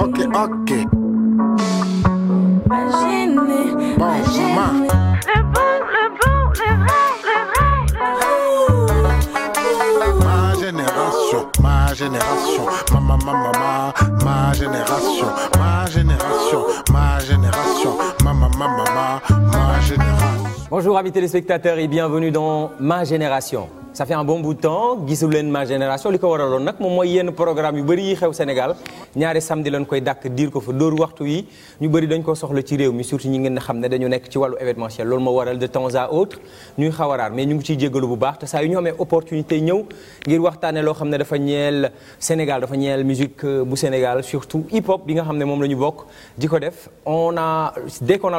ok, ok. Imaginez, bon, maman. Le bon, le bon, le vrai, le vrai, le vrai. Ma génération, ma génération, ma ma ma ma ma, ma génération, ma génération, ma génération, ma ma ma ma ma, ma génération. Bonjour amis téléspectateurs et bienvenue dans Ma Génération ça fait un bon bout de temps Ma Génération li ko waraloon nag moom mooy yenn programme yu bëri yi xew Sénégal koy dàkk diir ko fa dóor yi ñu bëri dañ ko soxla ci réew mi surtout ñi ngeen xam ne dañu nekk ci wàllu événementiel loolu moo waral de temps à autre ñuy xaw mais ñu ngi ciy jégalu bu baax te saa yu ñu amee opportunité ñëw ngir waxtaane loo xam ne dafa ñeel Sénégal dafa ñeel musique euh, bu Sénégal surtout hip hop bi nga xam ne moom la ñu bokk di ko def on a dès qu'on a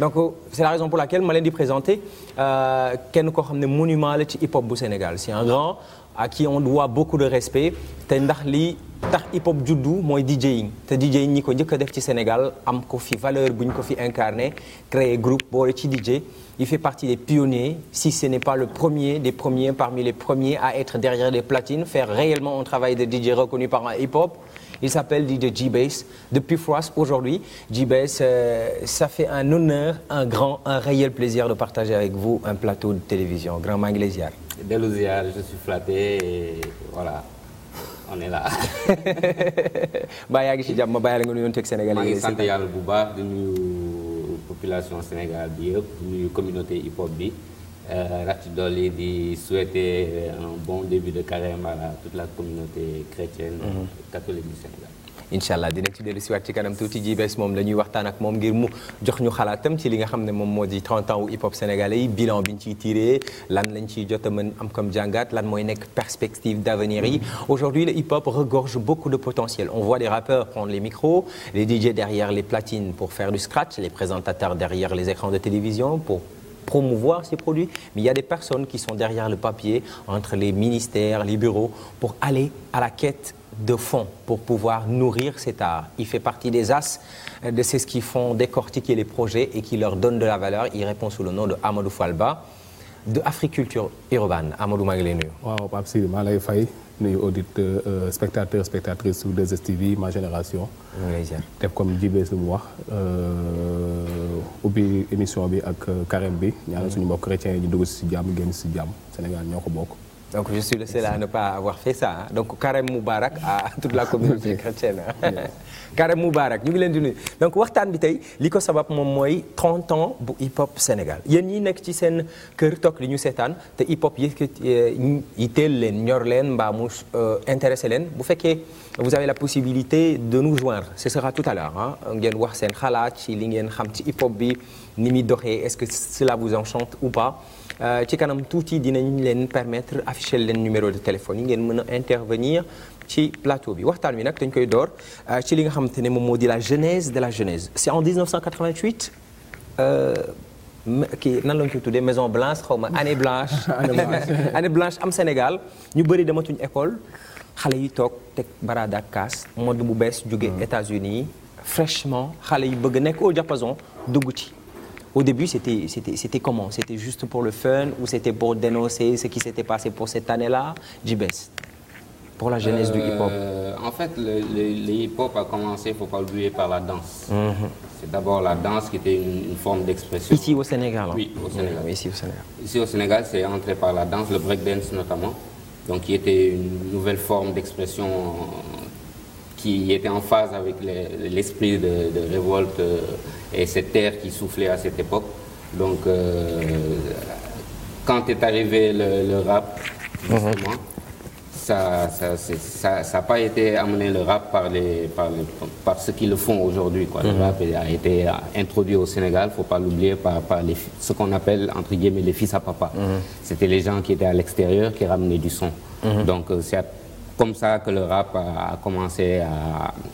donc c'est la raison pour laquelle ma leen di présenter euh, kenn koo xam ne monument la ci hip hop bu Sénégal c'est un grand à qui on doit beaucoup de respect te ndax lii tax hip hop juddu mooy DJing te DJing ñi ko njëkk def ci Sénégal am ko fi valeur bu ñu ko fi incarné créer group boole ci DJ il fait partie des pionniers si ce n'est pas le premier des premiers parmi les premiers à être derrière des platines faire réellement un travail de DJ reconnu par un hip hop il s'appelle DJ g depuis Froisse aujourd'hui G-Bass euh, ça fait un honneur un grand un réel plaisir de partager avec vous un plateau de télévision grand maa ngi lay ziar dellu ziar je suis flatté voilà on est là. mbaa yaa ngi ci jàmm ma bàyyi la nga nuyoon teg Sénégal yi. maa ngi sant yàlla bu baax di nuyu population Sénégal bi yëpp di nuyu communauté hip hop bi. Euh, rax ci dolli di souhaiter un bon début de carême à toute la communauté chrétienne. Mhm. catholique du Sénégal. incha allah dinañ ci dellu siwaat ci kanam tuuti ji bees moom la ne moom moo ans wu hip hop sénégalais bilan bi ñu lan lañ ciy jot a lan mooy nekk perspective aujourd'hui le hip hop regorge beaucoup de potentiel on voit des rappeurs prendre les micros les DJ derrière les platines pour faire ces produits mais il y a des personnes qui sont derrière le papier entre les ministères de fonds pour pouvoir nourrir cet art. Il fait partie des as de ceux qui font décortiquer les projets et qui leur donnent de la valeur. Il répond sous le nom de Amadou Falba de Africulture urbaine Amadou maa ngi lay nuyu. waaw Pape Sidi maa lay fay nuyu auditeur euh, spectateur spectatrice sur 2STV ma génération. def comme Jibes lu mu wax euh, ubbi émission bi ak carême euh, bi. ñaanal suñu mbokk chrétiens yi ñu dugg si jàmm génn si jàmm Sénégal ñoo bokk. donc je suis le seul à ne pas avoir fait ça hein. donc carême Moubarak à toute la communauté chrétienne. Karam Moubarak ñu ngi leen di nuyu donc waxtaan bi tey li ko sabab moom mooy 30 ans bu hip hop Sénégal yéen ñi nekk ci seen kër toog di ñu seetaan te hip hop eh, teel leen ñor leen mbaa mu euh, intéressé leen bu fekkee vous avez la possibilité de nous joindre ce sera tout à l'heure ngeen wax seen xalaat ci li ngeen xam ci hip hop bi ni muy doxee est-ce que cela vous enchante ou pas euh, ci kanam tuuti dinañ leen permettre afficher leen numéro de téléphone yi ngeen mën a intervenir ci plateau bi waxtaan wi nag dañ koy door euh, ci li nga xamante ne moom moo di la genèse de la genèse c'est en 1988 euh, kii nan la ñu koy tuddee maison blanche xaw ma année blanche année blanche am Sénégal ñu bëri dematuñ école xale yi toog teg baraada ak kaas mode bu bees jóge hmm. États-Unis yi fraîchement xale yi bëgg nekk au diapason dugg ci au début c'était comment c'était juste pour le fun ou c'était pour dénoncer ce qui s'était passé pour cette année-là Jibes pour la genèse du hip-hop euh, En fait, le, le, le hip-hop a commencé, il ne faut pas oublier, par la danse. Mmh. C'est d'abord la danse qui était une, une forme d'expression. Ici au Sénégal hein? Oui, au Sénégal. Oui, ici au Sénégal. Ici au Sénégal, c'est entré par la danse, le breakdance notamment, donc qui était une nouvelle forme d'expression qui était en phase avec l'esprit les, de, de, révolte euh, et cette air qui soufflait à cette époque. Donc, euh, quand est arrivé le, le rap, mhm. justement, mmh ça n'a ça, ça, ça pas été amené le rap par, les, par, les, par ceux qui le font aujourd'hui. Quoi. Mm -hmm. Le mhm. rap a été introduit au Sénégal, faut pas l'oublier, par, par les, ce qu'on appelle entre guillemets les fils à papa. Mm -hmm. C'était les gens qui étaient à l'extérieur qui ramenaient du son. Mm -hmm. Donc euh, c'est comme ça que le rap a, a commencé à,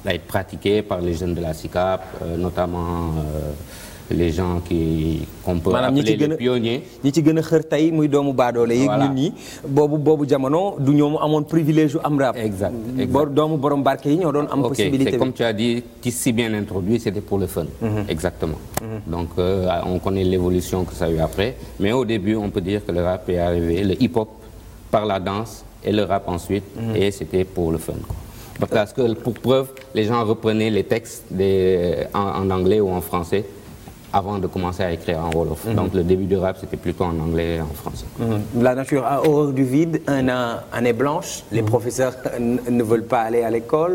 à, être pratiqué par les jeunes de la CICAP, euh, notamment. Euh, les gens qui qu'on peut appeler les pionniers ñi ci gën a xër muy doomu baadoole yi boobu boobu du ñoomu amoon privilège am rap exact doomu borom barke yi ñoo doon am possibilité comme tu bien introduit c'était pour le fun mhm. exactement mhm. Euh, on connaît l'évolution que a eu après mais au début on peut dire que le rap est arrivé le hip hop par la danse et le rap ensuite mhm. et c'était pour le fun parce que pour preuve les gens reprenaient les textes en anglais ou en avant de commencer à écrire en Wolof. Mm -hmm. Donc le début du rap, c'était plutôt en anglais et en français. Mm -hmm. La nature a horreur du vide, un an, année blanche, les mhm. professeurs ne veulent pas aller à l'école.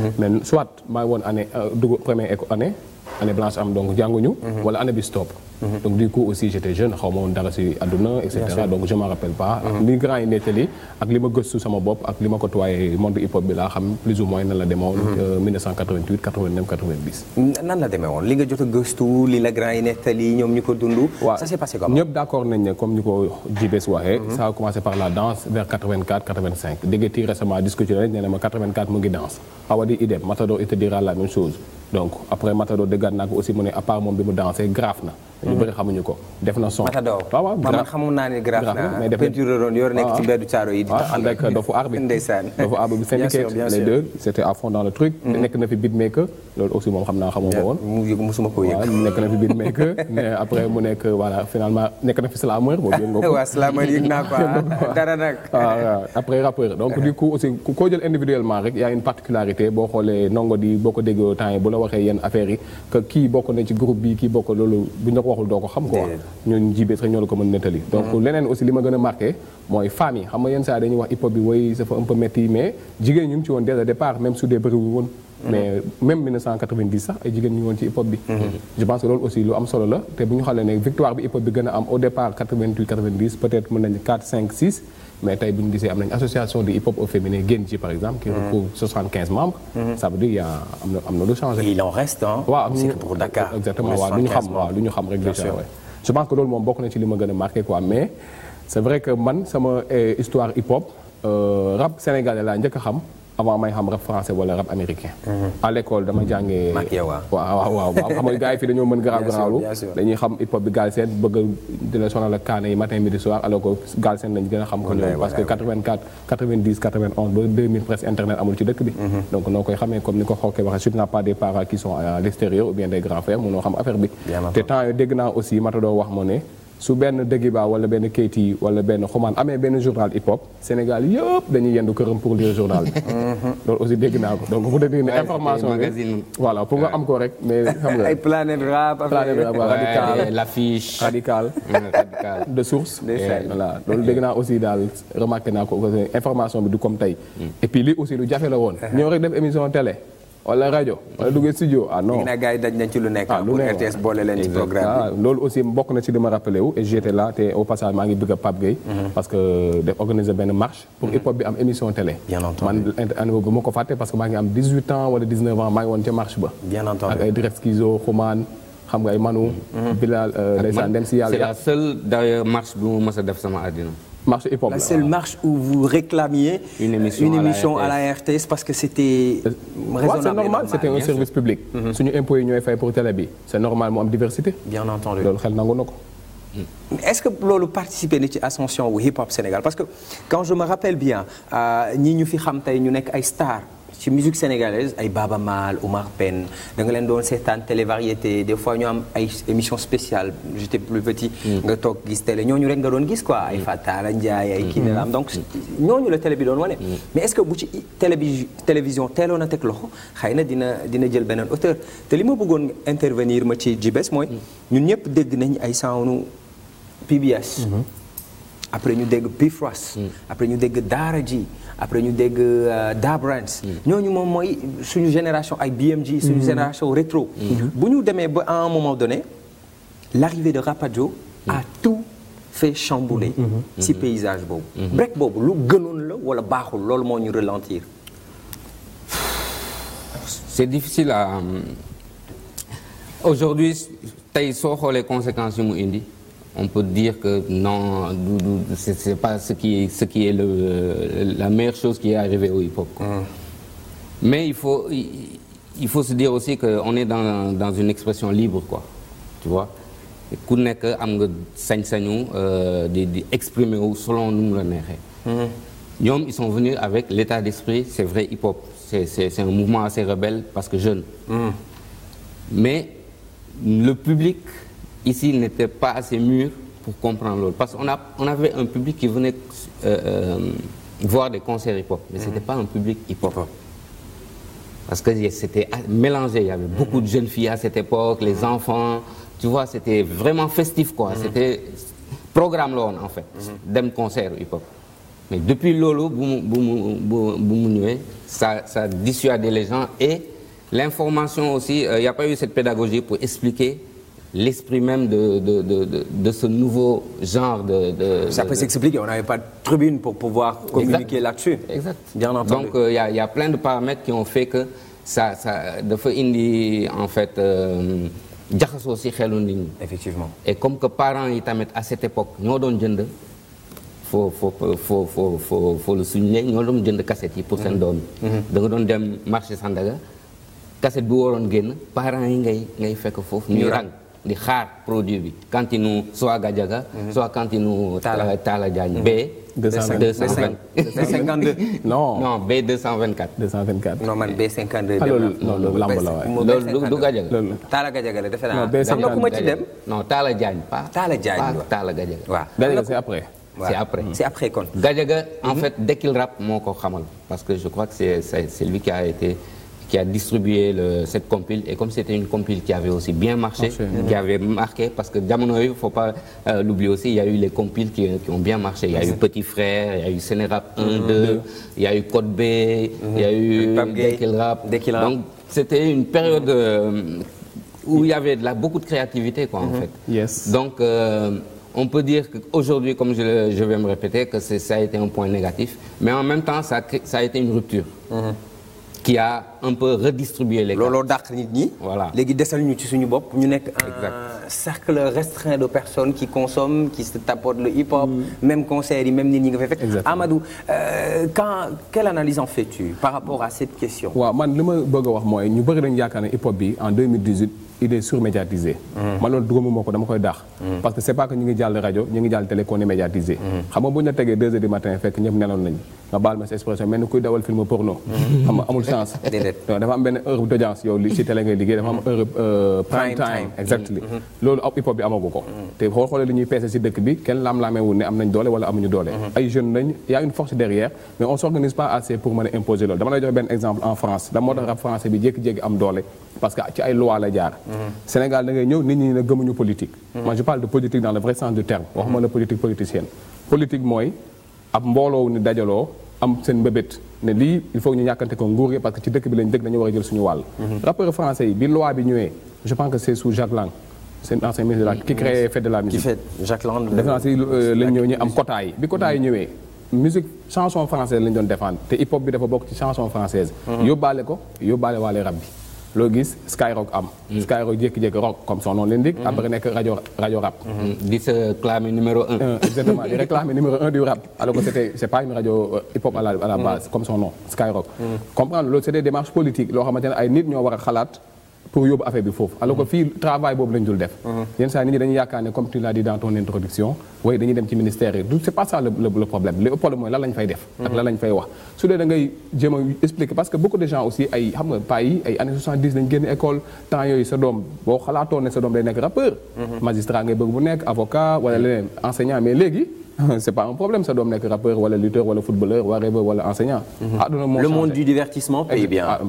Mm-hmm. mais soit maa woon année euh, dugg première année année blanche am donc jànguñu. Mm-hmm. wala année bistop Mhm. donc du coup aussi j'étais jeune xaw woon dara si àdduna et cetera donc je m'en li mhm. grand yi nettali ak li ma gëstu sama bopp ak li ma côtoyé monde hip hop bi laa xam nan la demee woon mhm. euh, nan la demee woon li nga jot a gëstu li la grand yi ñoom ñu ko dund waaw ça s'est passé comment ñëpp d'accord nañ ne comme ñu ko jibes waxee ça a commencé par la danse vers 84 85 dégg nga ti récemment discuté nañ ne ma mu ngi danse Awadi idem Matador il te dira la même chose donc après Matador dëggaat naa ko aussi mu ne à moom bi mu dansé graaf na. xamuñu ko def na son. Matador waaw waaw man xamu naa ne graaf na euh, deux c' était fond dans le truc. Mm. nekk na fi beatmaker aussi moom xam naa xamoo ko musuma ko yëg waaw nekk na fi beatmaker mais après mu nekk na fi slameur boobu yëg nga ko. waaw slameur naa ko ah. après rappeur donc du jël individuellement rek y' une particularité boo xoolee nongo di waxee yenn affaires yi que bokk na ci groupe bi kii bokk loolu bu ñu waxul doo ko xam quoi ñun jibees rek ñoo la ko mën nettali donc mm-hmm. leneen aussi li ma gën a marqué mooy femmes yi xam yenn saa dañuy wax hip hop bi mais jigéen ñu ngi ci woon dès mm-hmm. sax ay jigéen ñu woon ci hip hop bi mm-hmm. je pense que loolu aussi lu am solo la te bu ñu xoolee ne victoire bi hip hop bi gën a am au départ 88 90 peut-être mën nañ 4 5 mais tey bu ñu gisee am nañu association du hip hop au féminin génn ci par exemple. qui recouvre 75 membres. Mhm. ça dire y' am na am na lu changé. exactement waaw lu ñu xam waaw lu ñu xam rek. bien sûr je pense que loolu moom bokk na ci li ma gën a marqué quoi mais c'est vrai que man sama eh, histoire hip hop euh, rap sénégalais laa njëkk xam. avant may xam rap français wala rap américain. Mhm. à l'école dama jàngee. waaw waaw waaw xam nga dañoo mën garaaw garaawlu. dañuy xam hip hop bi Galsen bëgg a di la sonal ak kaane yi matin midi soir alors que Galsen lañ gën a xam. ko ñoom parce que 84 90 91 internet amul ci dëkk bi. Mhm. donc noo koy xamee comme ni ko Xorké waxee surtout pas des parents qui sont à l'extérieur ou bien des grands frères mënoo xam affaire bi. te temps yii dégg su benn Déguiba wala benn Keyti wala benn xumaan amee benn journal hip hop Sénégal yëpp dañuy yendu këram pour lire journal bi mhm. loolu dégg naa ko donc bu dee information bi voilà nga am ko rek mais xam nga a planète rap planète rap radical l'affiche radical de source voilà loolu dégg naa aussi daal remarqué naa ko information bi du comme tey mm. et puis aussi lu jafe la woon uh-huh. ñoo rek def émission télé wala rajo wala duggee ah non. ci lu nekk. Ah, lu nekk RTS boole leen ah, loolu aussi mbokk na ci li ma rappelé wu et j'étais là te au maa ngi bëgg a Pape Gueye. Mhm. parce que euh, def organiser benn marche. pour mhm. hip hop bi am émission télé. man année boobu ma ko fàtte parce que maa ngi am 18 ans wala 19 ans maa ngi woon ca ba. ay direct skizo xumaan. xam nga ay manu. Mhm. Bilal euh, ndeysaan dem si yàlla. c'est la seule d'ailleurs bi mu mës a def sama àddina. marche hip-hop la seule marche où vous réclamiez. une émission, à, la RTS parce que c'était. Euh, raisonnable c'est normal c'était un service public. Mhm. suñu impôts yi ñooy fay pour télé bi c'est normal mu diversité. bien entendu loolu xel nangu ci ascension wu hip-hop Sénégal parce que quand je me rappelle bien euh, ñi ñu fi xam tey ñu nekk ay stars. ci musique sénégalaise ay Baaba Maal Omar Pène da nga leen doon seetaan télévariété des fois ñu am ay émission spéciale j'étais plus petit mm. nga toog gis télé ñooñu rek nga doon gis quoi ay mm. Fatala Ndiaye ay mm. kii la am donc ñooñu la télé bi doon wane mais est-ce que bu ci télé bi télévision a teg loxo xëy na dina dina jël beneen auteur te li ma bëggoon intervenir ma ci jibes mooy ñun ñëpp dégg nañ ay sawnu PBS mm-hmm. après ñu dégg Pifras mm. après ñu dégg Daara J après ñu dégg euh, Dabrans mm. ñooñu moom mooy suñu génération ay BMG suñu mm-hmm. génération rétro mm-hmm. bu ñu demee ba à un moment donné l'arrivée de Rapadio a mm. tout fait chambouler mm-hmm. ci paysage boobu break boobu lu gënoon la wala baaxul loolu moo ñu ralentir c'est difficile à euh, aujourd'hui tey soo xoolee conséquences yu mu indi on peut dire que non, ce n'est pas ce qui, ce qui est le, la meilleure chose qui est arrivée au hip-hop. Mmh. Mais il faut, il, il, faut se dire aussi qu'on est dans, dans, une expression libre, quoi. Tu vois ku nekk am nga sañ-sañu euh, di di exprimer wu selon nu mu la neexee. ñoom ils sont venus avec l'état d'esprit c'est vrai hip-hop c'est c'est c'est un mouvement assez rebelle parce que jeune. Mmh. mais le public ici il n'était pas assez mûr pour comprendre loolu parce que on a on avait un public qui venait euh, euh voir des concerts hip-hop mais mhm. c'était pas un public hip-hop parce que c'était mélangé il y avait beaucoup mhm. de jeunes filles à cette époque les mhm. enfants tu vois c'était vraiment festif quoi c'était programme la woon en fait dem concert hip-hop mais depuis loolu bu mu bu mu bu mu ñëwee ça ça dissuadait les gens et l'information aussi euh, il euh, y a pas eu cette pédagogie pour expliquer l'esprit même de, de, de, de, ce nouveau genre de... ça peut s'expliquer, on pas de tribune pour pouvoir communiquer là-dessus. Exact. Bien entendu. Donc euh, il euh, y, y, a plein de paramètres qui ont fait que ça, ça dafa indi en fait euh, jaxasoo si xelu ni ñi. effectivement et comme que parents yi tamit à cette époque ñoo doon jënd foo foo foo foo foo foo jënd cassette yi pour seen mhm. doom yi. Mhm. da nga doon dem marché Sandaga cassette bi waroon génn parents yi ngay ngay fekk foofu ñuy ràng. di xaar produit bi cantine soit Gadiaga mhm. soit cantine Talla Talla Diagne taala 222 B52 non non B224 224 non man B52 ah, loolu loolu lamb la waay loolu du Gadiaga Talla Gadiaga la defe naa am na ku ma ci dem non Talla Diagne pas Talla Diagne pas Talla Gadiaga waaw Gadiaga c'est après c'est après c'est après kon en mhm. fait dès qu'il moo ko xamal parce que je crois que c'est c'est qui a été qui a distribué le, cette compile. Et comme c'était une compile qui avait aussi bien marché, marché oui. qui avait marqué, parce que Diamond il ne faut pas euh, l'oublier aussi, il y a eu les compiles qui, qui ont bien marché. Il y a Exactement. eu Petit Frère, il y a eu Sénérap 1, 2, mm-hmm. il y a eu Code B, mm-hmm. il y a eu Dekel Rap. Donc c'était une période euh, où il y avait de la, beaucoup de créativité, quoi, en mm-hmm. fait. Yes. Donc. Euh, on peut dire qu'aujourd'hui, comme je, le, je, vais me répéter, que ça a été un point négatif, mais en même temps, ça a, ça a été une rupture. Mm -hmm. qui a un peu redistribué les looloo dàq nit ñi. voilà léegi desal ñu ci suñu bopp ñu nekk. un cercle restreint de personnes qui consomment qui se tapotent le mm. yi même nit ñi nga fay fekk. Amadou euh, quand quelle analyse en fais-tu par rapport à cette question. a wax mooy ñu il est surmédiatisé. Mm-hmm. ma loolu dugamuma ko dama koy daax. Mm-hmm. parce que c' pas que ñu ngi jàll rajo ñu ngi jàll télé qu'on médiatisé. Mm-hmm. xam nga bu tegee 2 heures du matin fekk ñëpp neloon nañu nga baal ma expression mel ni kuy dawal film porno. xam amul chance. dafa am benn heure d' audience liggéey dafa am heure. Euh, prime time exactly loolu ab hip hop bi amagu ko. te xool xoolee ñuy peese si dëkk bi kenn laam-laameewul ne am nañ doole wala amuñu doole. ay jeunes parce que ci ay loi la jaar. Sénégal da ngay ñëw nit ñi ne gëmuñu politique. moi je parle de politique dans le vrai sens du terme. waxuma la politique politicienne. mooy ab mbooloo ni dajaloo am seen mbébét ne lii il faut ñu ñàkkante ko nguur gi parce que ci dëkk bi lañ dëkk dañu war a jël suñu wàll. Mhm. rapport français yi bi loi bi ñëwee je pense que c'est sous Jacques Lang. c'est un ancien ministre de la qui crée fête de la musique. qui fait Jacques Lang def naa euh, am quota loo gis skyrock am. skyrock jékki-jékki rock comme son nom l'indique. Mhm. après nekk rajo rajo rap. Mhm. di se clamer numéro un. Euh, exactement di réclamer numéro un du rap alors que c'est pas une rajo euh, hip hop à la mhm. base comme son nom skyrock. comprendre loolu c'est des démarches politiques loo ay nit ñoo war a xalaat. pour yóbbu affaire bi foofu alors que mm-hmm. fii travail boobu lañ dul def mm-hmm. yenn saa nit ñi dañuy yaakaar ne comme tu l'as dit dans ton introduction way dañuy dem ci ministère yi du c'est pas ça le problème le problème mooy lan fay def mm-hmm. ak lan fay wax su dee da ngay jéem parce que beaucoup de gens ay xam nga paa yi ay années 70 dañ génn école temps yooyu sa doom boo xalaatoon ne sa doom day nekk rappeur magistrat ngay bëgg bu nekk avocat wala c'est pas un problème sa doom nekk rappeur wala lutteur wala footballeur whatever wala enseignant. Mhm. Ah, le monde du divertissement paye eh, bien. Ah,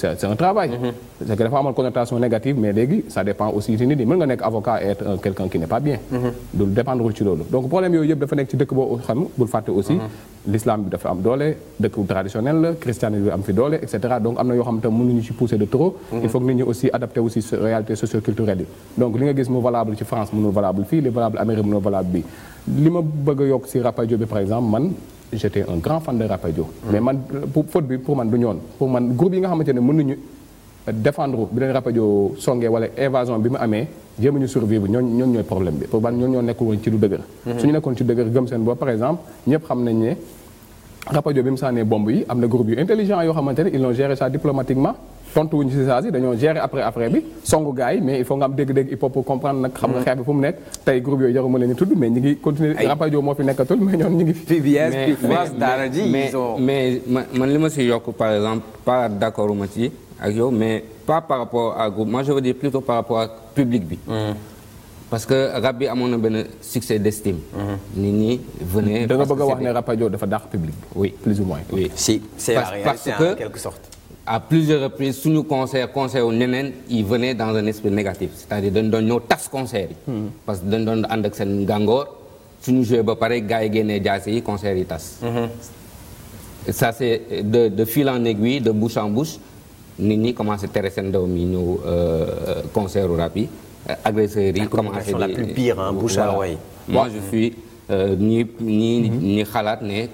c'est un travail. Mhm. c'est que dafa connotation négative mais léegi ça dépend aussi ci nit nga nekk avocat être quelqu'un qui n'est pas bien. Mhm. du dépendre ci loolu donc problème yooyu yëpp dafa nekk ci dëkk boo xam bul fàtte aussi. l'islam bi dafa am doole dëkk bu traditionnel la christianisme bi am fi doole et cetera donc am na yoo xam te mënuñu ci pousser de trop mm-hmm. il faut que nit ñi aussi adapté aussi réalité socioculturelle yi donc li nga gis mu valable ci France mënul valable li valable Amérique li ma bëgg a yokk si Rapadio bi par exemple man j'étais un grand fan de mm-hmm. mais man faute bi pour man du ñoon pour man groupe yi nga xamante ne ñu défendre bi leen rapajo songee wala évasion bi mu amee jéemuñu survivre ñoo ñoon ñooy problème bi pour ban ñoon ñoo nekkul woon ci lu dëgër mhm. suñu nekkoon ci dëgër gëm seen bopp par exemple ñëpp xam nañ ne rapajo bi mu sànnee bomb yi am na groupe yu intelligent yoo xamante ne ils l'ont géré diplomatiquement tontu wuñu si dañoo gérer après après bi songu gars yi mais il faut nga am dégg il faut pour comprendre nag xam nga mhm. xeex bi fu nekk tey groupe yooyu jaruma ñu tudd mais ñi ngi continuer rapajo moo fi nekkatul mais li ma si par exemple pas d'accord ma ci ak yow mais pas par rapport à groupe je veux dire par rapport ak public bi. Mm. parce que rap bi amoon na benn succès d'estime. Mm. nit ñi venez. da nga bëgg a wax ne Rapadio dafa dàq public bi. oui plus ou moins. oui si c'est plusieurs reprises suñu concert concert wu ñeneen yi venait dans un esprit négatif c'est-à-dire dañ doon ñëw tas concert mm. parce que dañ doon ànd ak seen gàngoor suñu joué ba pare gars yi génnee jaase yi concert mm-hmm. c'est de de fil en aiguille de nit ñi commencé tere seen doom yi ñëw euh, concert rap yi euh, agresseurs yi commencé la plus pire hein bouche à oreille moi je mm-hmm. suis ñi ñi ñi xalaat ne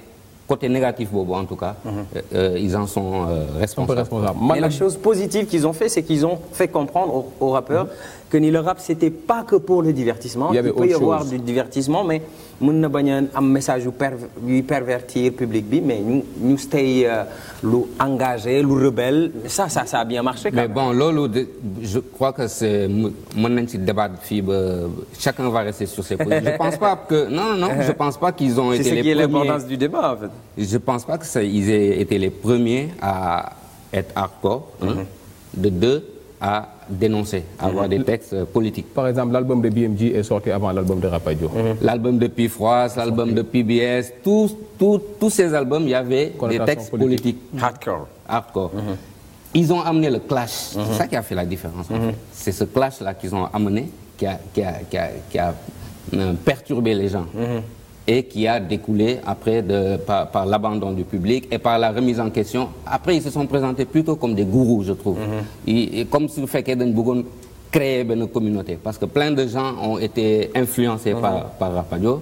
côté négatif boobu en tout cas. Mm-hmm. Euh, ils en sont responsables. mais la chose positive qu'ils ont fait c'est qu'ils ont fait comprendre aux rappeurs mm-hmm. que ni le rap c'était pas que pour le divertissement. il y avait autre chose peut y avoir du divertissement mais mën na bañ a am message yu per yuy pervertir public bi mais ñu ñu stay euh, lu engagé lu rebelle ça ça ça a bien marché. mais bon loolu de je crois que c'est mën nañ ci débattre fii ba chacun va rester sur ses positions. je pense pas que non non je pense pas qu'ils ont été les premiers c'est ce qui est l'importance du débat en fait. je pense pas que ça ils aient été les premiers à être hardcore. Mm-hmm. de deux. à dénoncer, à avoir mm -hmm. des textes euh, politiques. Par exemple, l'album de BMG est sorti avant l'album de Rapadio. Mm -hmm. L'album de Pifroise, l'album de PBS, tous, tous, tous ces albums, il y avait des textes politique. politiques. Mm-hmm. Hardcore. Hardcore. Mm-hmm. Ils ont amené le clash. C'est mm-hmm. ça qui a fait la différence. En fait. C'est ce clash-là qu'ils ont amené qui a, qui a, qui a, qui a euh, perturbé les gens. et qui a découlé après de, par, par l'abandon du public et par la remise en question. Après, ils se sont présentés plutôt comme des gourous, je trouve. Mm -hmm. et, et comme si le fait qu'ils bougon créer une communauté. Parce que plein de gens ont été influencés mm -hmm. par, par Rapadio,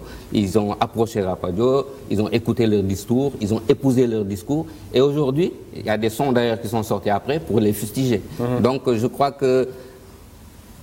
ils ont approché Rapadio, ils ont écouté leur discours, ils ont épousé leur discours. Et aujourd'hui, il y a des sons d'ailleurs qui sont sortis après pour les fustiger. Mm -hmm. Donc je crois que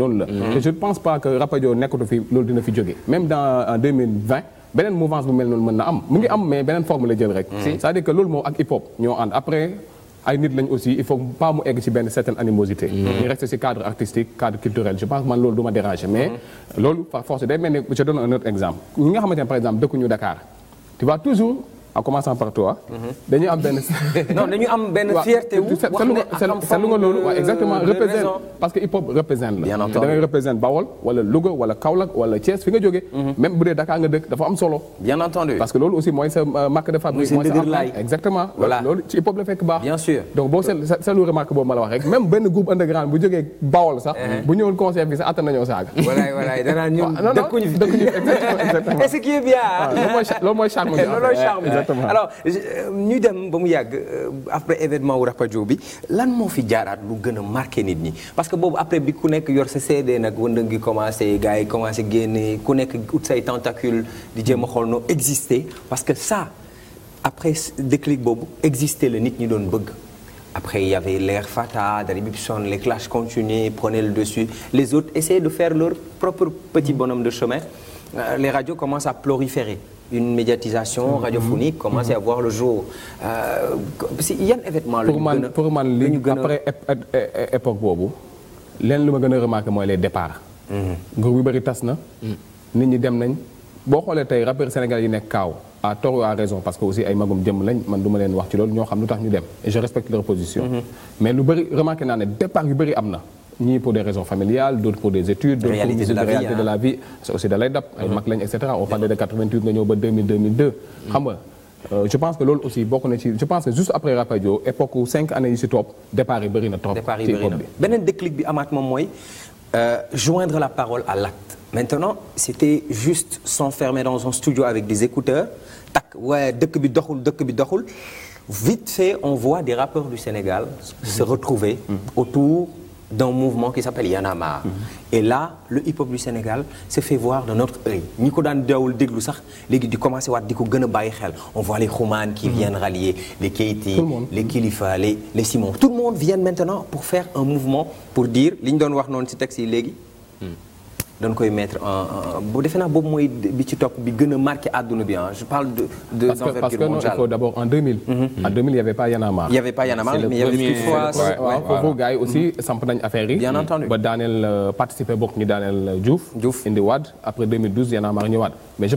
noonu la mhm. te je ne pense pas que Rapadio nekkatu fi loolu dina fi jóge même dans beneen mouvance bu mel na am mu ngi am mais beneen forme jël rek mhm. c'est-à-dire que loolu moom ak hip ñoo ànd après ay nit lañ aussi il faut pas mu egg ci benn certaine animosité mhm. ñu reste ci cadre artistique cadre culturel je pense man loolu du déranger mais loolu par force day mel ni je un autre exemple ñi nga par exemple dëkkuñu Dakar tu toujours en commençant par toi. dañu am benn fierté wu. wax nga loolu waaw exactement euh, parce que hip hop représente la. bien représente Bawol wala Louga wala Kaolack wala Thiès fi nga jógee. Mhm. même bu dee Dakar nga dëkk dafa am solo. parce que loolu aussi mooy sa euh, marque de fabrique. mooy sa exactement. voilà loolu ci boobu ma wax rek benn groupe underground bu jógee Bawol sax. Uh-huh. bu ñëwoon concert bi sax attan nañoo saaga. exactement euh, ñu dem ba mu yàgg euh, après événement wu rapajo bi lan moo fi jaaraat lu gën a marqué nit ñi parce que boobu après bi ku nekk yor se CD nag wëndëng gi commencé gars yi commencé génne ku nekk ut say tentacule di jéem a xool noo exister parce que ça après déclic boobu exister la nit ñi doon bëgg. Après, il y avait l'air Fata, Dari Bibson, les clashs continuaient, prenaient le dessus. Les autres essayaient de faire leur propre petit bonhomme de chemin. Euh, les radios commencent à proliférer. une médiatisation mm-hmm. radiophonique commencé à mm-hmm. voir le jour euh, si yan événement la ñu gën a pour man li après époque boobu leen lu ma gën a remarqué mooy les départs mm-hmm. groupe yu bari tas na mm. nit ñi dem nañ boo xoolee tey rappeur sénégalais yi nekk kaaw à tort ou à raison parce que aussi ay magum jëm lañ man duma leen wax ci loolu ñoo xam lu tax ñu dem et je respecte leur position mais lu bëri remarqué naa ne départ yu bëri am na ñii pour des raisons familiales d' autres pour des études. réalité de la vie réalité de la vie. c'est aussi da lay dab ay mm-hmm. mag lañ et cetera on parlait de 88 nga ñëw je pense que juste après Rapadio époque bi amaat moom mooy euh, l'acte un studio avec des écouteurs takk waaye dëkk vite fait on des rappeurs du Sénégal se mm-hmm. retrouver mm-hmm. autour d'un mouvement qui s'appelle Y'en a mhm. et là le hip-hop du Sénégal se fait voir de notre œil ñi ko daan daawul déglu sax léegi di commencé waat di ko gën a bàyyi xel on voit les Xuman qui mhm. viennent rallier les Keyti les Kilifeu les les Simon tout le monde vient maintenant pour faire un mouvement pour dire li ñu doon wax noonu ci texte yi léegi hmm. dañ koy mettre en bu defe mooy bi ci topp bi gën a marqué àdduna bi ah je parle y mm-hmm. mm-hmm. y avait pas Y'en a marre mais il y avait fois. waaw foofu gars yi aussi mm-hmm. samp euh, participer bokk ñu daaneel Diouf. Diouf après 2012 Y'en a marre ñëwaat mais je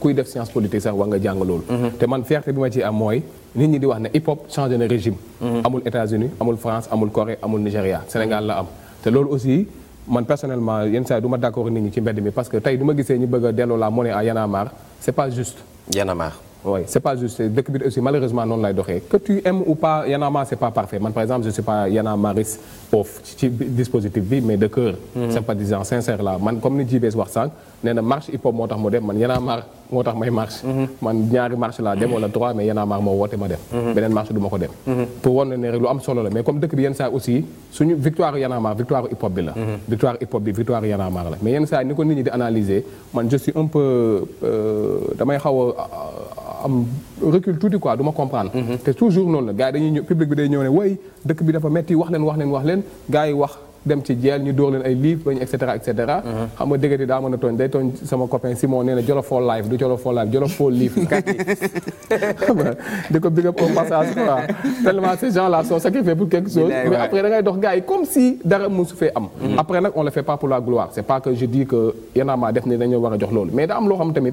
kuy def science politique sax war nga jàng loolu. te man fierté bi ma ci am mooy. nit ñi di wax ne hip hop changé na régime. amul États-Unis amul France amul Corée amul Nigéria Sénégal la am te loolu aussi. man personnellement yenn saa yi du d'accord nit ñi ci mbedd mi parce que tey du ma gisee ñu delloo la monnaie a marre c'est pas juste. Y'en a c'est pas juste bi aussi malheureusement noonu lay doxee que tu aimes ou pas Y'en a marre c'est pas parfait man par exemple je pas Y'en a ci dispositif bi mais de cœur hmm. sympathisant sincère là man comme ni JBS wax sànq nee na marche moo tax mu dem man Y'en moo tax may marche man ñaari marche laa dem wala trois mais yanaa moo woote ma dem beneen marche du ko dem pour wan ne rek lu am solo la mais comme dëkk bi yenn saa aussi suñu victoire yanaa maar victoire hip hop bi la victoire hip hop bi victoire yanaa la mais yenn saa ni ko nit ñi di analyser man je suis peu euh, damay xaw a euh, am recul tuuti quoi du ma comprendre mhm. te toujours noonu la gars yi dañuy ñëw public bi day ñëw ne way dëkk bi dafa metti wax leen wax leen wax leen gars yi wax dem ci jeel ñu dóor ay livre bañu et cetera et cetera uh-huh. xam nga dëggati daa mën a tooñ day tooñ sama copain Simon nee na jolofoo live du jolofoo live jolofoo livre kat yi xam nga di ko big up au passage quoi tellement ces gens pour quelque chose mais après ngay dox gars yi comme si dara mosu fee am mm-hmm. après nag on le fait pas pour la gloire c'est pas que je dis que Y'en a marre def ni dañoo war a jox loolu mais da am loo xam tamit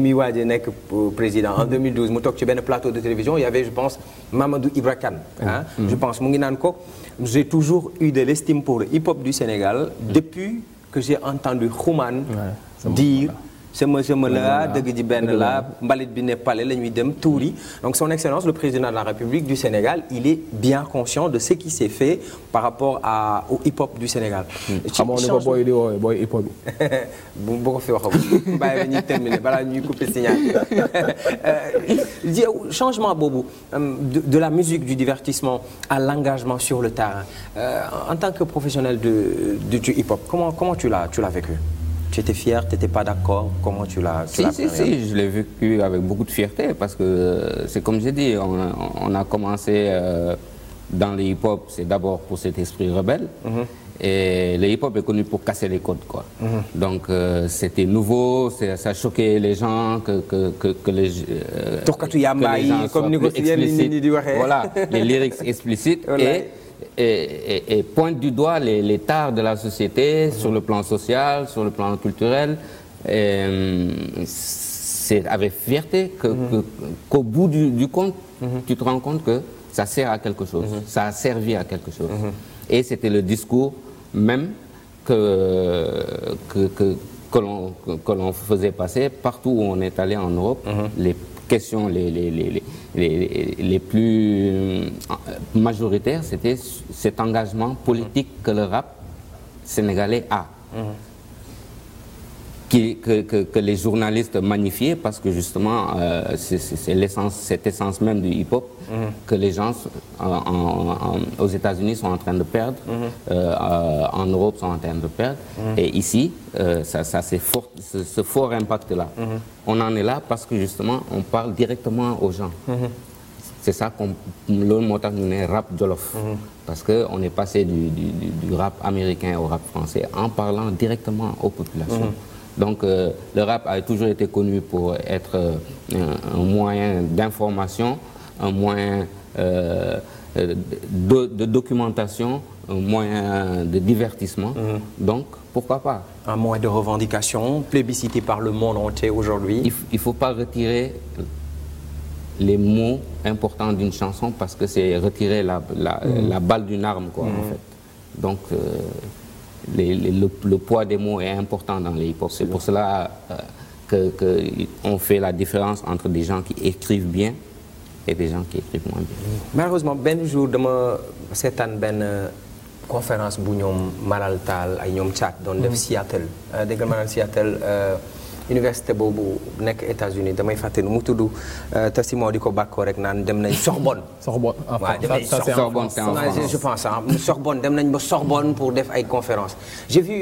bi muy waaj a nekk euh, président en 2012 mu toog ci benn plateau de télévision il y avait je pense Mamadou Ibra Kane ah je pense mu ngi naan ko j'ai toujours eu de l'estime pour le hip-hop du Sénégal depuis que j'ai entendu Xuman dire sëma sëma la dëgg ji benn la mbalit bi ne palais la ñuy dem tuuri donc son excellence le président de la république du Sénégal il est bien conscient de ce qui s'est fait par rapport à hip hop du Sénégal. Hmm. xamoo ni ko bi. bu bu ko fi euh, boobu euh, de de la musique du divertissement à l'engagement sur le terrain euh, en tant que professionnel de du du hip hop comment comment tu l'as vécu. tu étais fier, tu n'étais pas d'accord Comment tu l'as Si, si, si, je l'ai vécu avec beaucoup de fierté parce que euh, c'est comme j'ai dit, on a, on a commencé euh, dans le hip-hop, c'est d'abord pour cet esprit rebelle. Mm -hmm. Et le hip-hop est connu pour casser les codes. Quoi. Mm -hmm. Donc euh, c'était nouveau, ça choquait les gens que, que, que, que les, euh, que les gens comme soient plus explicites. Voilà, les lyrics explicites. Voilà. Et, et, et, et pointe du doigt les, les tares de la société mmh. sur le plan social, sur le plan culturel. Euh, c'est avec fierté mm-hmm. qu'au mmh. qu bout du, du compte, mmh. tu te rends compte que ça sert à quelque chose, mm-hmm. ça a servi à quelque chose. Mm-hmm. Et c'était le discours même que, que, que que l'on faisait passer partout où on est allé en Europe, les questions, les, les, les, les, les plus euh, majoritaires, c'était cet engagement politique que le rap sénégalais a. Mmh. qui, que, que, que, les journalistes magnifiaient parce que justement, euh, c'est l'essence, cette essence même du hip-hop mmh. que les gens euh, en, en, en, aux États-Unis sont en train de perdre, mmh. euh, en Europe sont en train de perdre, mmh. et ici, euh, ça, ça c'est fort, ce, ce, fort impact-là. Mhm. On en est là parce que justement, on parle directement aux gens. Mhm. C'est ça qu'on le montage rap jollof. Mhm. Parce qu'on est passé du, du, du, rap américain au rap français en parlant directement aux populations. Donc euh, le rap a toujours été connu pour être un, euh, un moyen d'information, un moyen euh, de, de, documentation, un moyen de divertissement. Mmh. Donc pourquoi pas Un moyen de revendication, plébiscité par le monde entier aujourd'hui. Il ne faut pas retirer les mots importants d'une chanson parce que c'est retirer la, la, mmh. la, mm-hmm. balle d'une arme, quoi, mmh. en mm-hmm. fait. Donc. Euh, les, les, le, le, poids des mots est important dans les hip-hop. C'est pour cela euh, qu'on que on fait la différence entre des gens qui écrivent bien et des gens qui écrivent moins bien. Malheureusement, benn jour dama seetaan benn conférence bu ñoom Malal Taal ay ñoom Thiat doon def mm-hmm. Seattle. Euh, dégg nga Malal Seattle. Euh, université boobu nekk États-Unis damay fàtte nu mu tudd euh, te Simon di ko bàkkoo rek naan dem nañ Sorbonne. Sorbonne je pense ah Sorbonne dem nañ ba Sorbonne pour def ay conférences j'ai vu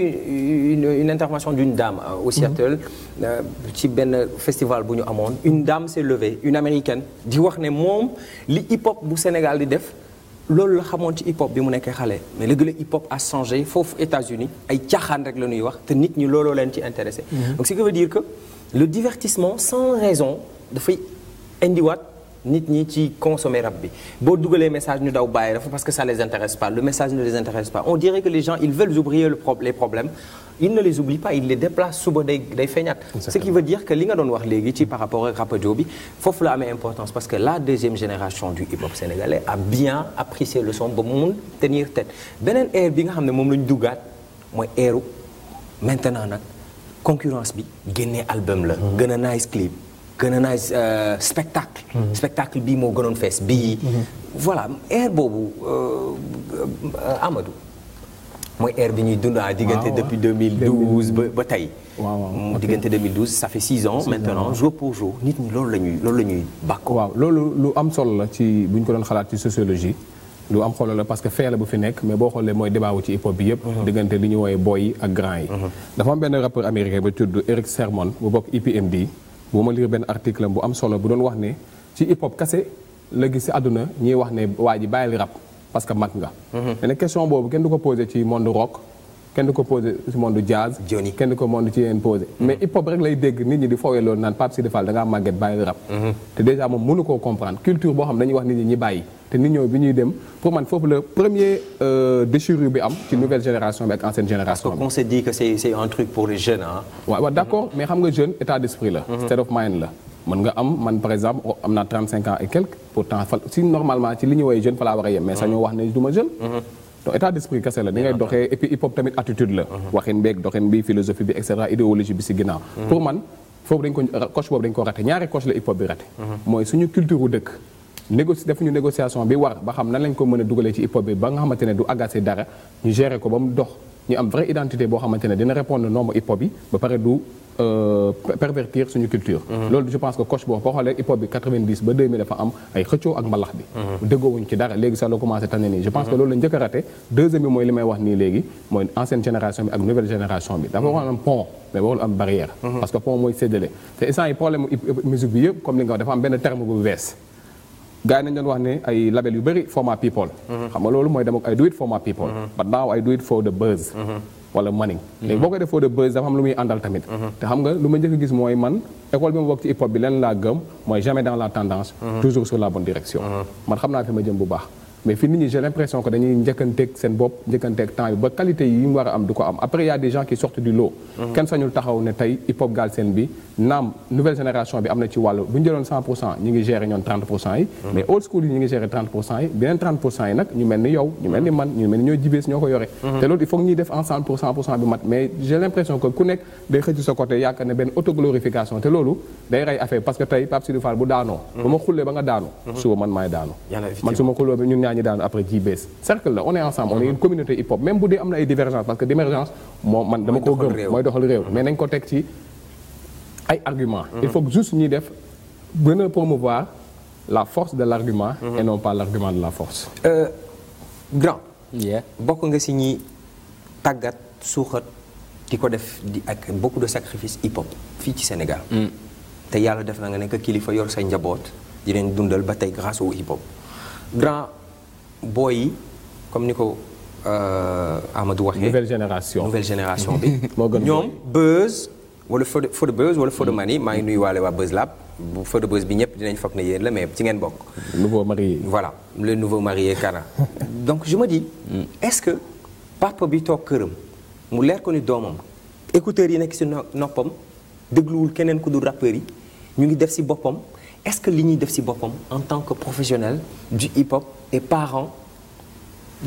une une intervention d'une dame euh, au Seattle mm-hmm. euh, ci benn festival bu ñu amoon une dame s'est levée une américaine di wax ne moom li hip hop bu Sénégal di def. loolu la xamoon ci hip hop bi mu nekkee xale mais léegi la hip hop a changé foofu États-Unis ay caaxaan rek la ñuy wax te nit ñi looloo leen ci intéressé. Mm-hmm. donc ce qui veut dire que le divertissement sans raison dafay indiwaat. nit ñi ci consommer rap bi boo dugalee message ñu daw bàyyi dafa parce que ça les intéresse pas le message ne les intéresse pas on dirait que les gens ils veulent oublier le pro les problèmes ils ne les oublient pas ils déplacent suba day day ce qui veut dire que li nga doon wax léegi ci par rapport ak rapadio bi foofu la amee importance parce que la deuxième génération du hip hop sénégalais a bien apprécié le son ba tenir tête beneen air nga xam ne moom la ñu duggaat mooy maintenant nag concurrence bi génnee album la mm-hmm. gën a nice gën a nice euh, spectacle. Mhm. spectacle bii moo gënoon fees bii. Mhm. voilà air boobu euh, euh, Amadou. mooy air bi ñuy dund ah diggante depuis 2012 ba ba tey. waaw diggante 2012 ça fait 6 ans. maintenant jour pour jour nit ñi loolu la ñuy loolu la ñuy bàkkoo. waaw loolu lu am solo la ci bu ñu ko doon xalaat ci sociologie. lu am xolo la parce que fee bu fi nekk mais boo xoolee mooy débat wu ci hip hop mhm. diggante li ñu woowee boy yi ak grand yi. dafa am benn rappeur américain ba tudd Eric Sermon bu bokk bu ma lire benn article bu am solo bu doon wax ne ci hip hop kase la gis si àdduna ñuy wax ne waa ji bàyyil rap parce que mag nga. mais mhm. question boobu kenn du ko posé ci monde rock. kenn ko posé ci monde jazz. kenn ko monde ci yeneen mm-hmm. mais hip rek lay dégg nit ñi di foowee loolu naan Pape Sidi Fall da ngaa màgget mm-hmm. te déjà moom mënu koo comprendre culture boo xam dañuy wax nit ñi ñi te nit ñoo bi ñuy dem pour man foofu la premier euh, déchirure bi am. ci mm-hmm. nouvelle génération bi ancienne génération am par exemple oh, am naa 35 ans et quelques pourtant fa si normalement ci li ñu woowee jeune fa laa yem. mais sañoo wax non état d'esprit kese la ni ngay doxee hip hop tamit attitude la mhm. waxin beeg doxin bi philosophie bi et idéologie bi si ginnaaw mhm. pour man foofu dañ ko coche boobu dañ ko raté ñaari coche la hip hop bi raté mhm. mooy suñu culture u dëkk négoci ñu négociation bi war ba xam nan lañ ko mën a dugalee ci hip hop bi ba xamante ne du agacé dara ñu gérer ko ba mu dox ñu am vraie identité boo xamante ne dina répondre norme hip hop bi ba pare du Euh, pervertir suñu culture. Mhm. loolu je pense que coche boobu boo xoolee hip hop bi 90 ba 2000 dafa am ay xëccoo ak mbalax bi. Mhm. déggoo wuñ ci dara léegi sax la commencé tane nii je pense que mhm. loolu la njëkk a raté deuxième bi mooy li may wax nii léegi mooy ancienne génération bi ak nouvelle génération bi dafa war a am pont mais warul am barrière. parce que pont mooy séddale te instant yi problème musique bi yëpp comme li nga wax dafa am benn terme bu bees. gaa yi ne ay wala Manning léegi boo koy def foo de buzz dafa am lu muy àndal tamit te xam nga lu ma njëkk a gis mooy man école bi ma bokk ci hip bi leen laa gëm mooy jamais dans la tendance mhm. toujours sur la bonne direction mhm. man xam naa fi ma jëm bu baax mais fii nit ñi j'ai seen bopp njëkkanteeg temps bi ba qualité yi mu war a am du ko am après y des gens qui sortent du lot mhm. kenn sañul taxaw ne tey hip hop Galsen bi bi am mhm. yi nag ñu mel ni yow ñu mel ni man ñu mel ni ñoo jibees ñoo ko yore mhm. te loolu il faut que def bi mat mais j'ai ku nekk day xëcc sa côté yaakaar ne benn autoglorification te loolu day rey affaire parce que tey Pape bu daanoo bu ma xullee ba nga daanu su ma xulloo bi ñu daan après ji bees cercle la on ensemble on une communauté hip hop même bu dee am na ay divergence parce que divergence moom man dama ko gëm mooy doxal réew mais nañ ko teg ci ay argument mm-hmm. il faut que juste ñuy def gën a promouvoir la force de l'argument mm-hmm. et non pas l'argument de la force euh, grand bokk nga si ñi tàggat suuxat di ko def di ak beaucoup de sacrifices hip hop fii ci Sénégal mm. te yàlla def na nga nekk kilifa yor say njaboot di leen dundal ba tey grâce booy comme ni ko euh, Amadou waxee. nouvelle génération nouvelle génération bi. moo gën ñoom buzz wala feu de feu de buzz wala feu de mm. maa ngi nuy waale waa Buzz Lab bu feu de bi ñëpp dinañ foog ne yéen la mais ci ngeen bokk. nouveau marié. voilà le nouveau marié Kana. donc je me dis. Mm. est-ce que papa bi toog këram mu leer ko ni doomam écouteurs yi nekk si noppam dégluwul keneen ku dul rappeurs yi ñu ngi def si boppam est-ce que li ñuy def si boppam en tant que professionnel du hip-hop. et parents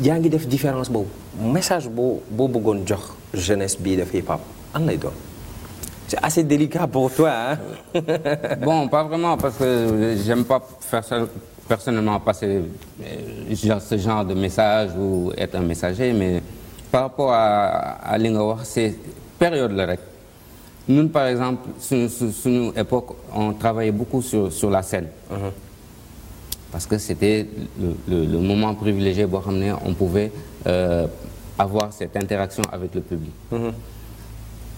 yaa ngi def différence boobu message boo boo bëggoon jox jeunesse bii dafay pap an lay doon c'est assez délicat pour toi hein? bon pas vraiment parce que j'aime pas faire euh, ce genre de message ou être un messager mais par rapport à à li nga wax c'est période la rek ñun par exemple suñu suñu époque on travaillait beaucoup sur la scène. Mm-hmm. parce que c'était le, le, le moment privilégié boo xam ne on pouvait euh, avoir cette interaction avec le public mm -hmm.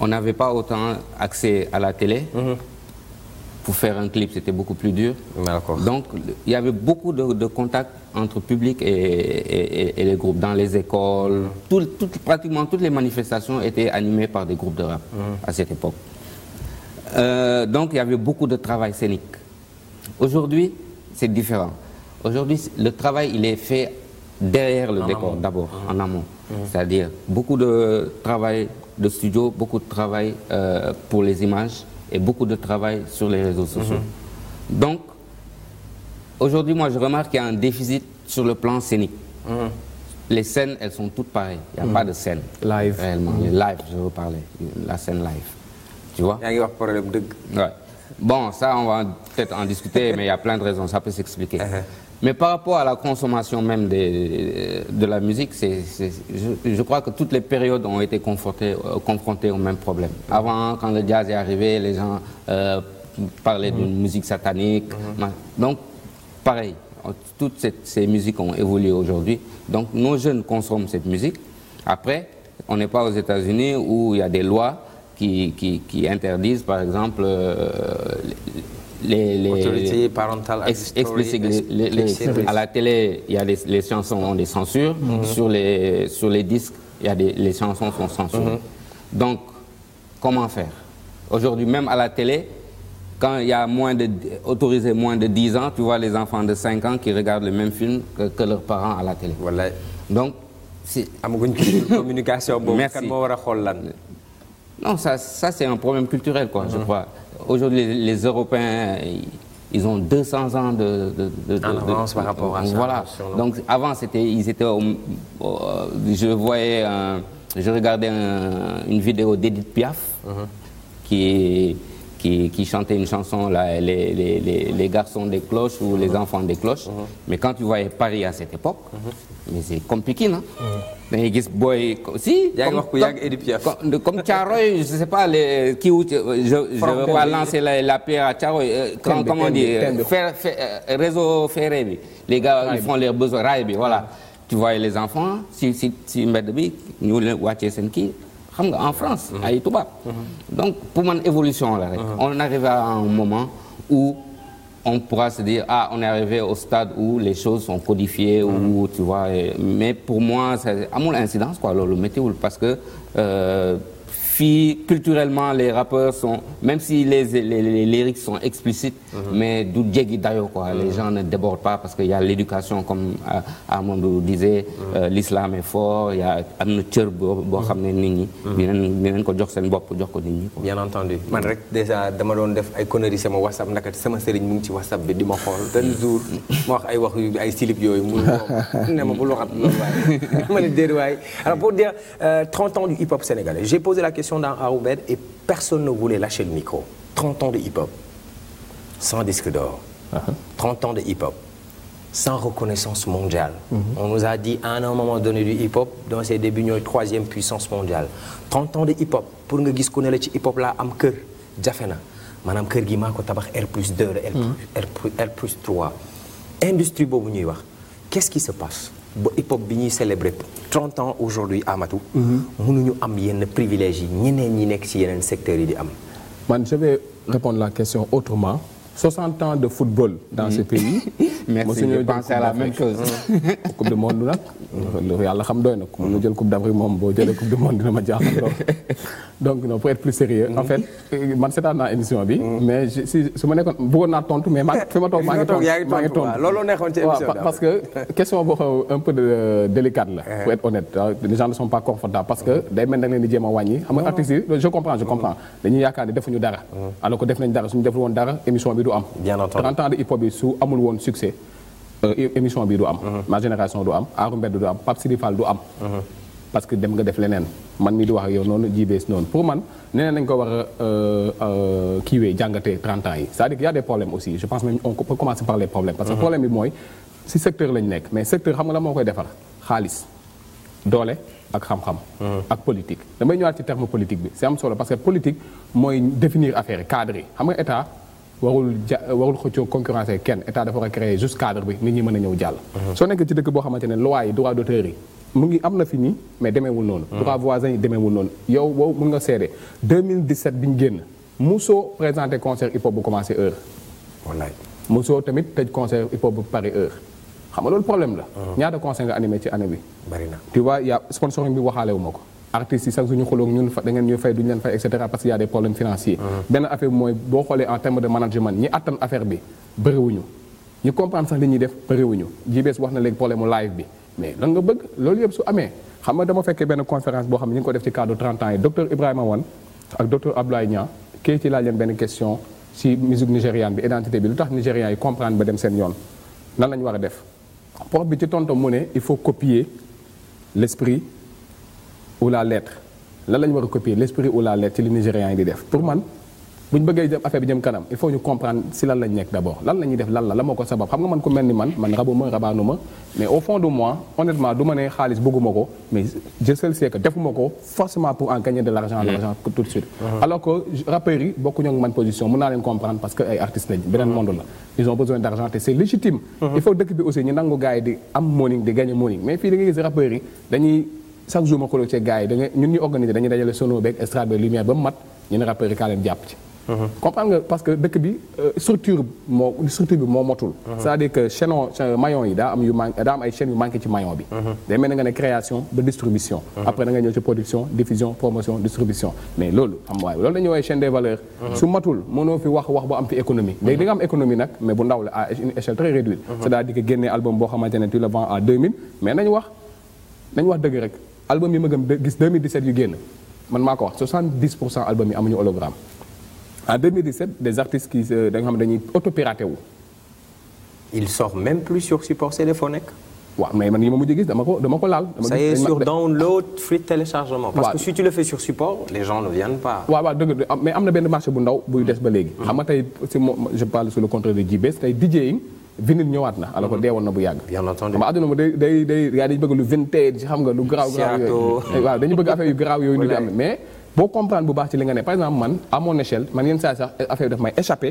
on n'avait pas autant accès à la télé mm -hmm. pour faire un clip c'était beaucoup plus dur donc il y avait beaucoup de, de contacts entre public et, et, et les groupes dans les écoles mm -hmm. tout, tout, pratiquement toutes les manifestations étaient animées par des groupes de rap mm-hmm. à cette époque euh, donc il y avait beaucoup de travail scénique aujourd'hui c'est différent Aujourd'hui, le travail, il est fait derrière le en décor ah. en amont. Mmh. C'est-à-dire beaucoup de travail de studio, beaucoup de travail euh, pour les images et beaucoup de travail sur les réseaux mhm. sociaux. Mmh. Donc, aujourd'hui, je remarque qu'il y a un déficit sur le plan scénique. Mhm. Les scènes, elles sont toutes pareilles. Il n'y a mhm. pas de scène. La scène live. Tu vois a un problème de... Bon, ça, on va peut-être en discuter, mais il y a plein de raisons. Ça peut s'expliquer. Uh-huh. Mais par rapport à la consommation même des, de la musique, c est, c est, je, je, crois que toutes les périodes ont été confrontées, euh, confrontées au même problème. Avant, quand le jazz est arrivé, les gens euh, parlaient mmh. d'une musique satanique. Mmh. Donc, pareil, toutes ces, ces musiques ont évolué aujourd'hui. Donc, nos jeunes consomment cette musique. Après, on n'est pas aux États-Unis où il y a des lois qui, qui, qui interdisent, par exemple, euh, les, les autorité parentale ex, explicite les, les, à la télé il y a les chansons ont des censures mm -hmm. sur les sur les disques il y a des les chansons sont censurées mm -hmm. donc comment faire aujourd'hui même à la télé quand il y a moins de autorisé moins de 10 ans tu vois les enfants de 5 ans qui regardent le même film que, que leurs parents à la télé voilà. donc si amaguñ communication boobu kan moo war a xool lan non ça ça c'est un problème culturel quoi mm -hmm. je mhm. crois aujourd'hui les, les Européens ils ont 200 ans de de de en avance par rapport à ça. Voilà. Donc avant c'était ils étaient au, au, euh, je voyais un, je regardais un, une vidéo d'Edith Piaf uh mhm. -huh. qui est qui, qui chantaient une chanson, là, les, les, les, les, garçons des cloches ou les enfants des cloches. Mhm. Mais quand tu voyais Paris à cette époque, mhm. mais c'est compliqué, non da mhm. ngay gis booy si. yaa ngi wax ku yàgg Edith Piaf comme comme Thiaroye je sais pas les kii wu. je je veux pas lancer la la pierre à Thiaroye. Euh, comment comment dire fer réseau ferré bi. les gars ils font leurs besoins raay bi voilà. tu vois les enfants si si si mbedd bi ñu wàccee seen kii. xam nga en France. Mhm. ay tubaab. Mhm. donc pour man évolution la rek. Mhm. on arrive à un moment où on pourra se dire ah on est arrivé au stade où les choses sont codifiées. ou tu vois mais pour moi ça amul incidence quoi loolu météo parce que. Euh, fii culturellement les rappeurs sont même si les les les lyriques sont explicites. Mm -hmm. mais du jéggi dayoo quoi. Mhm. les gens ne débordent pas parce que y a l'éducation comme euh, Amadou disait. Mhm. Euh, l'islam est fort y a am na cër boo mhm. xam ne nit ñi. dinañ dinañ ko jox seen bopp jox ko nit ñi. bien entendu man rek déjà dama doon def ay conneries sama WhatsApp naka sama sëriñ mu ngi ci WhatsApp bi di ma xool tel jour ay wax yu ay silip yooyu mu ne ma bul waxat loolu waaye euh, du hip hop sénégalais j'ai posé la question. session dans Aroubed personne ne voulait lâcher le micro. 30 ans de hip-hop, sans disque d'or, uh -huh. ans de hip-hop, sans reconnaissance mondiale. Uh mm-hmm. -huh. On nous a dit à un moment donné du hip-hop, dans ses débuts, ñooy troisième puissance mondiale. 30 ans de hip-hop pour nga gis ku ne la ci hip-hop laa am kër jafe na maanaam kër gi maa ko tabax R plus 2 la. R plus mm-hmm. industrie boobu ñuy wax qu'est-ce qui se passe ba hip-hop bi ñuy célébrer 30 ans aujourd'hui Amatou. Mhm. mënuñu am yenn privilèges yi ñeneen ñi nekk ci yeneen secteurs yi di am. man je vais répondre la question autrement 60 ans de football dans ce pays merci je pense à la même chose. coupe du monde nag. lu yàlla xam doy jël coupe d'Afrique moom boo jëlee coupe du monde dina ma jaaxal donc donc non euh, mm. mais parce que question boo xam un peu euh, délicate la. Eh. pour être honnête ah, les gens ne sont pas confortables parce que mm. day mel da nga leen di jéem a xam nga mm. je comprends je comprends dañuy yaakaar ne defuñu dara. alors que def nañ dara suñu deful dara émission bi du am. 30 ans de hip hop bi su amul woon succès Euh, émission bi du am. Uh-huh. ma génération du am aaru mbedd du am Pape Sidi Fall du am. Uh-huh. parce que dem nga def leneen man mi di wax ak yow noonu jibees noonu pour man neneen nañ war a euh, euh, kiiwee jàngatee 30 ans yi c'est-à-dire qu'il y a aussi je pense même on parce que uh-huh. problème bi mooy si secteur lañ nekk mais secteur xam nga la moo koy defar xaalis doole ak xam-xam. ak politique damay ñëwaat ci terme politique bi c'est am solo parce que politique mooy définir affaire yi warul ja warul xëccoo concurrence kenn état dafa war a créer juste cadre bi nit ñi mën a ñëw jàll. Mhm. soo nekk ci dëkk boo xamante ne loi yi droit d'auteur yi mu ngi am na fi nii mais demeewul noonu. Mhm. droit voisin yi demeewul noonu. yow wow mën nga seede 2017 bi ñu génn Mousso présenté concert hip hop bu commencé heure. wallaay tamit tëj concert hip hop bu pare heure. xam loolu problème la. Mhm. ñaata concert nga animé ci année bi. bari vois y' sponsoring bi waxaale ma ko. artistes yi sax suñu xuloo ñun da leen fay et parce qu'il y a des problèmes financiers uh-huh. benn affaire bi mooy boo xoolee en terme de management ñi attan affaire bi bëriwuñu ñu comprendre sax li ñuy def bëriwuñu jibees wax na léegi problème mu live bi mais lan nga bëgg loolu yëpp su amee xam nga dama fekkee benn conférence boo xam ne ñu ngi ko def ci cadre 30 ans yi docteur Ibrahima Wane ak docteur Abdoulaye Niang kii ci laaj leen benn question bi identité bi lu tax nigérian yi comprendre ba seen yoon nan la ñu war a def prof bi ci tontom mu ne il faut copier l'esprit ou lettre lan la war a copier l' esprit la lettre ci li Nigérians yi di def pour man bu ñu bëggee jëm jëm kanam il faut ñu comprendre si lan lañ nekk d' abord lan def lan la moo ko sabab xam nga man ku mel ni man man rabuma rabaanu mais au fond de moi honnêtement du ma ne xaalis bëgguma ko mais je sais que defuma ko forcément pour en gagner de l' argent mm. tout de suite mm-hmm. alors que rappeurs yi man position mun naa leen chaque jour ma ko ci gars yi ñun ñu organiser dañuy dajale sono beeg estrade beeg lumière ba mu mat ñu ne rappeurs yi kaa leen jàpp ci. Mhm. comprendre nga parce que dëkk bi euh, structure moo structure bi moo motul. Mhm. c'est-à-dire que chaînon yu manqué ci maillon bi. Mhm. day mel na création ba distribution. après da ñëw ci production diffusion promotion distribution mais loolu am waaye loolu la ñuy woowee chaîne des su matul mënoo fi wax wax ba am fi économie. léegi album yi ma gëm gis 2017 yu génn man maa ko wax 70 pour cent album yi amuñu hologramme en 2017 des artistes qui xam dañuy autopiraté il sort même plus sur support téléphonique. waaw mais man yi ma mujj gis dama ko dama ko laal. dama ça y est si tu le fais sur support les gens ne viennent pas. mais am na benn marché bu ndaw buy des ba léegi. Mm. xam nga tey si je parle sous le contrôle de JBS tey DJing. vinil ñëwaat na alors que mhm. deewoon na bu yàgg ma adduna ma day day day yaa lu vintage xam nga lu garaaw garaaw yooyu waaw dañu bëgg affaire yu yooyu ñu am mais boo comprendre bu baax ci li nga ne par exemple man à mon échelle man yenn saa sax affaire daf may échappé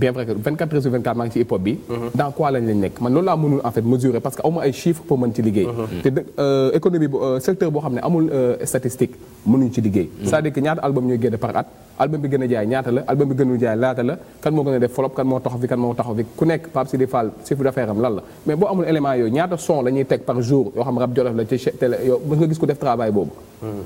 bien vrai que 24 heures sur ci hip bi. dans quoi lañ lañ nekk man loolu laa mënul en fait mesurer parce que aw ay chiffres pour mën ci liggéey. te euh, économie bu euh, secteur boo xam ne amul euh, statistique mënuñ ci liggéey. Mm. cest dire que ñaata album ñooy génn par at album bi gën a jaay ñaata la album bi gënul jaay laata la kan moo gën a def flop kan moo taxaw fi ku nekk Pape Sidi Fall la mais boo amul élément yooyu ñaata son la teg par jour yoo xam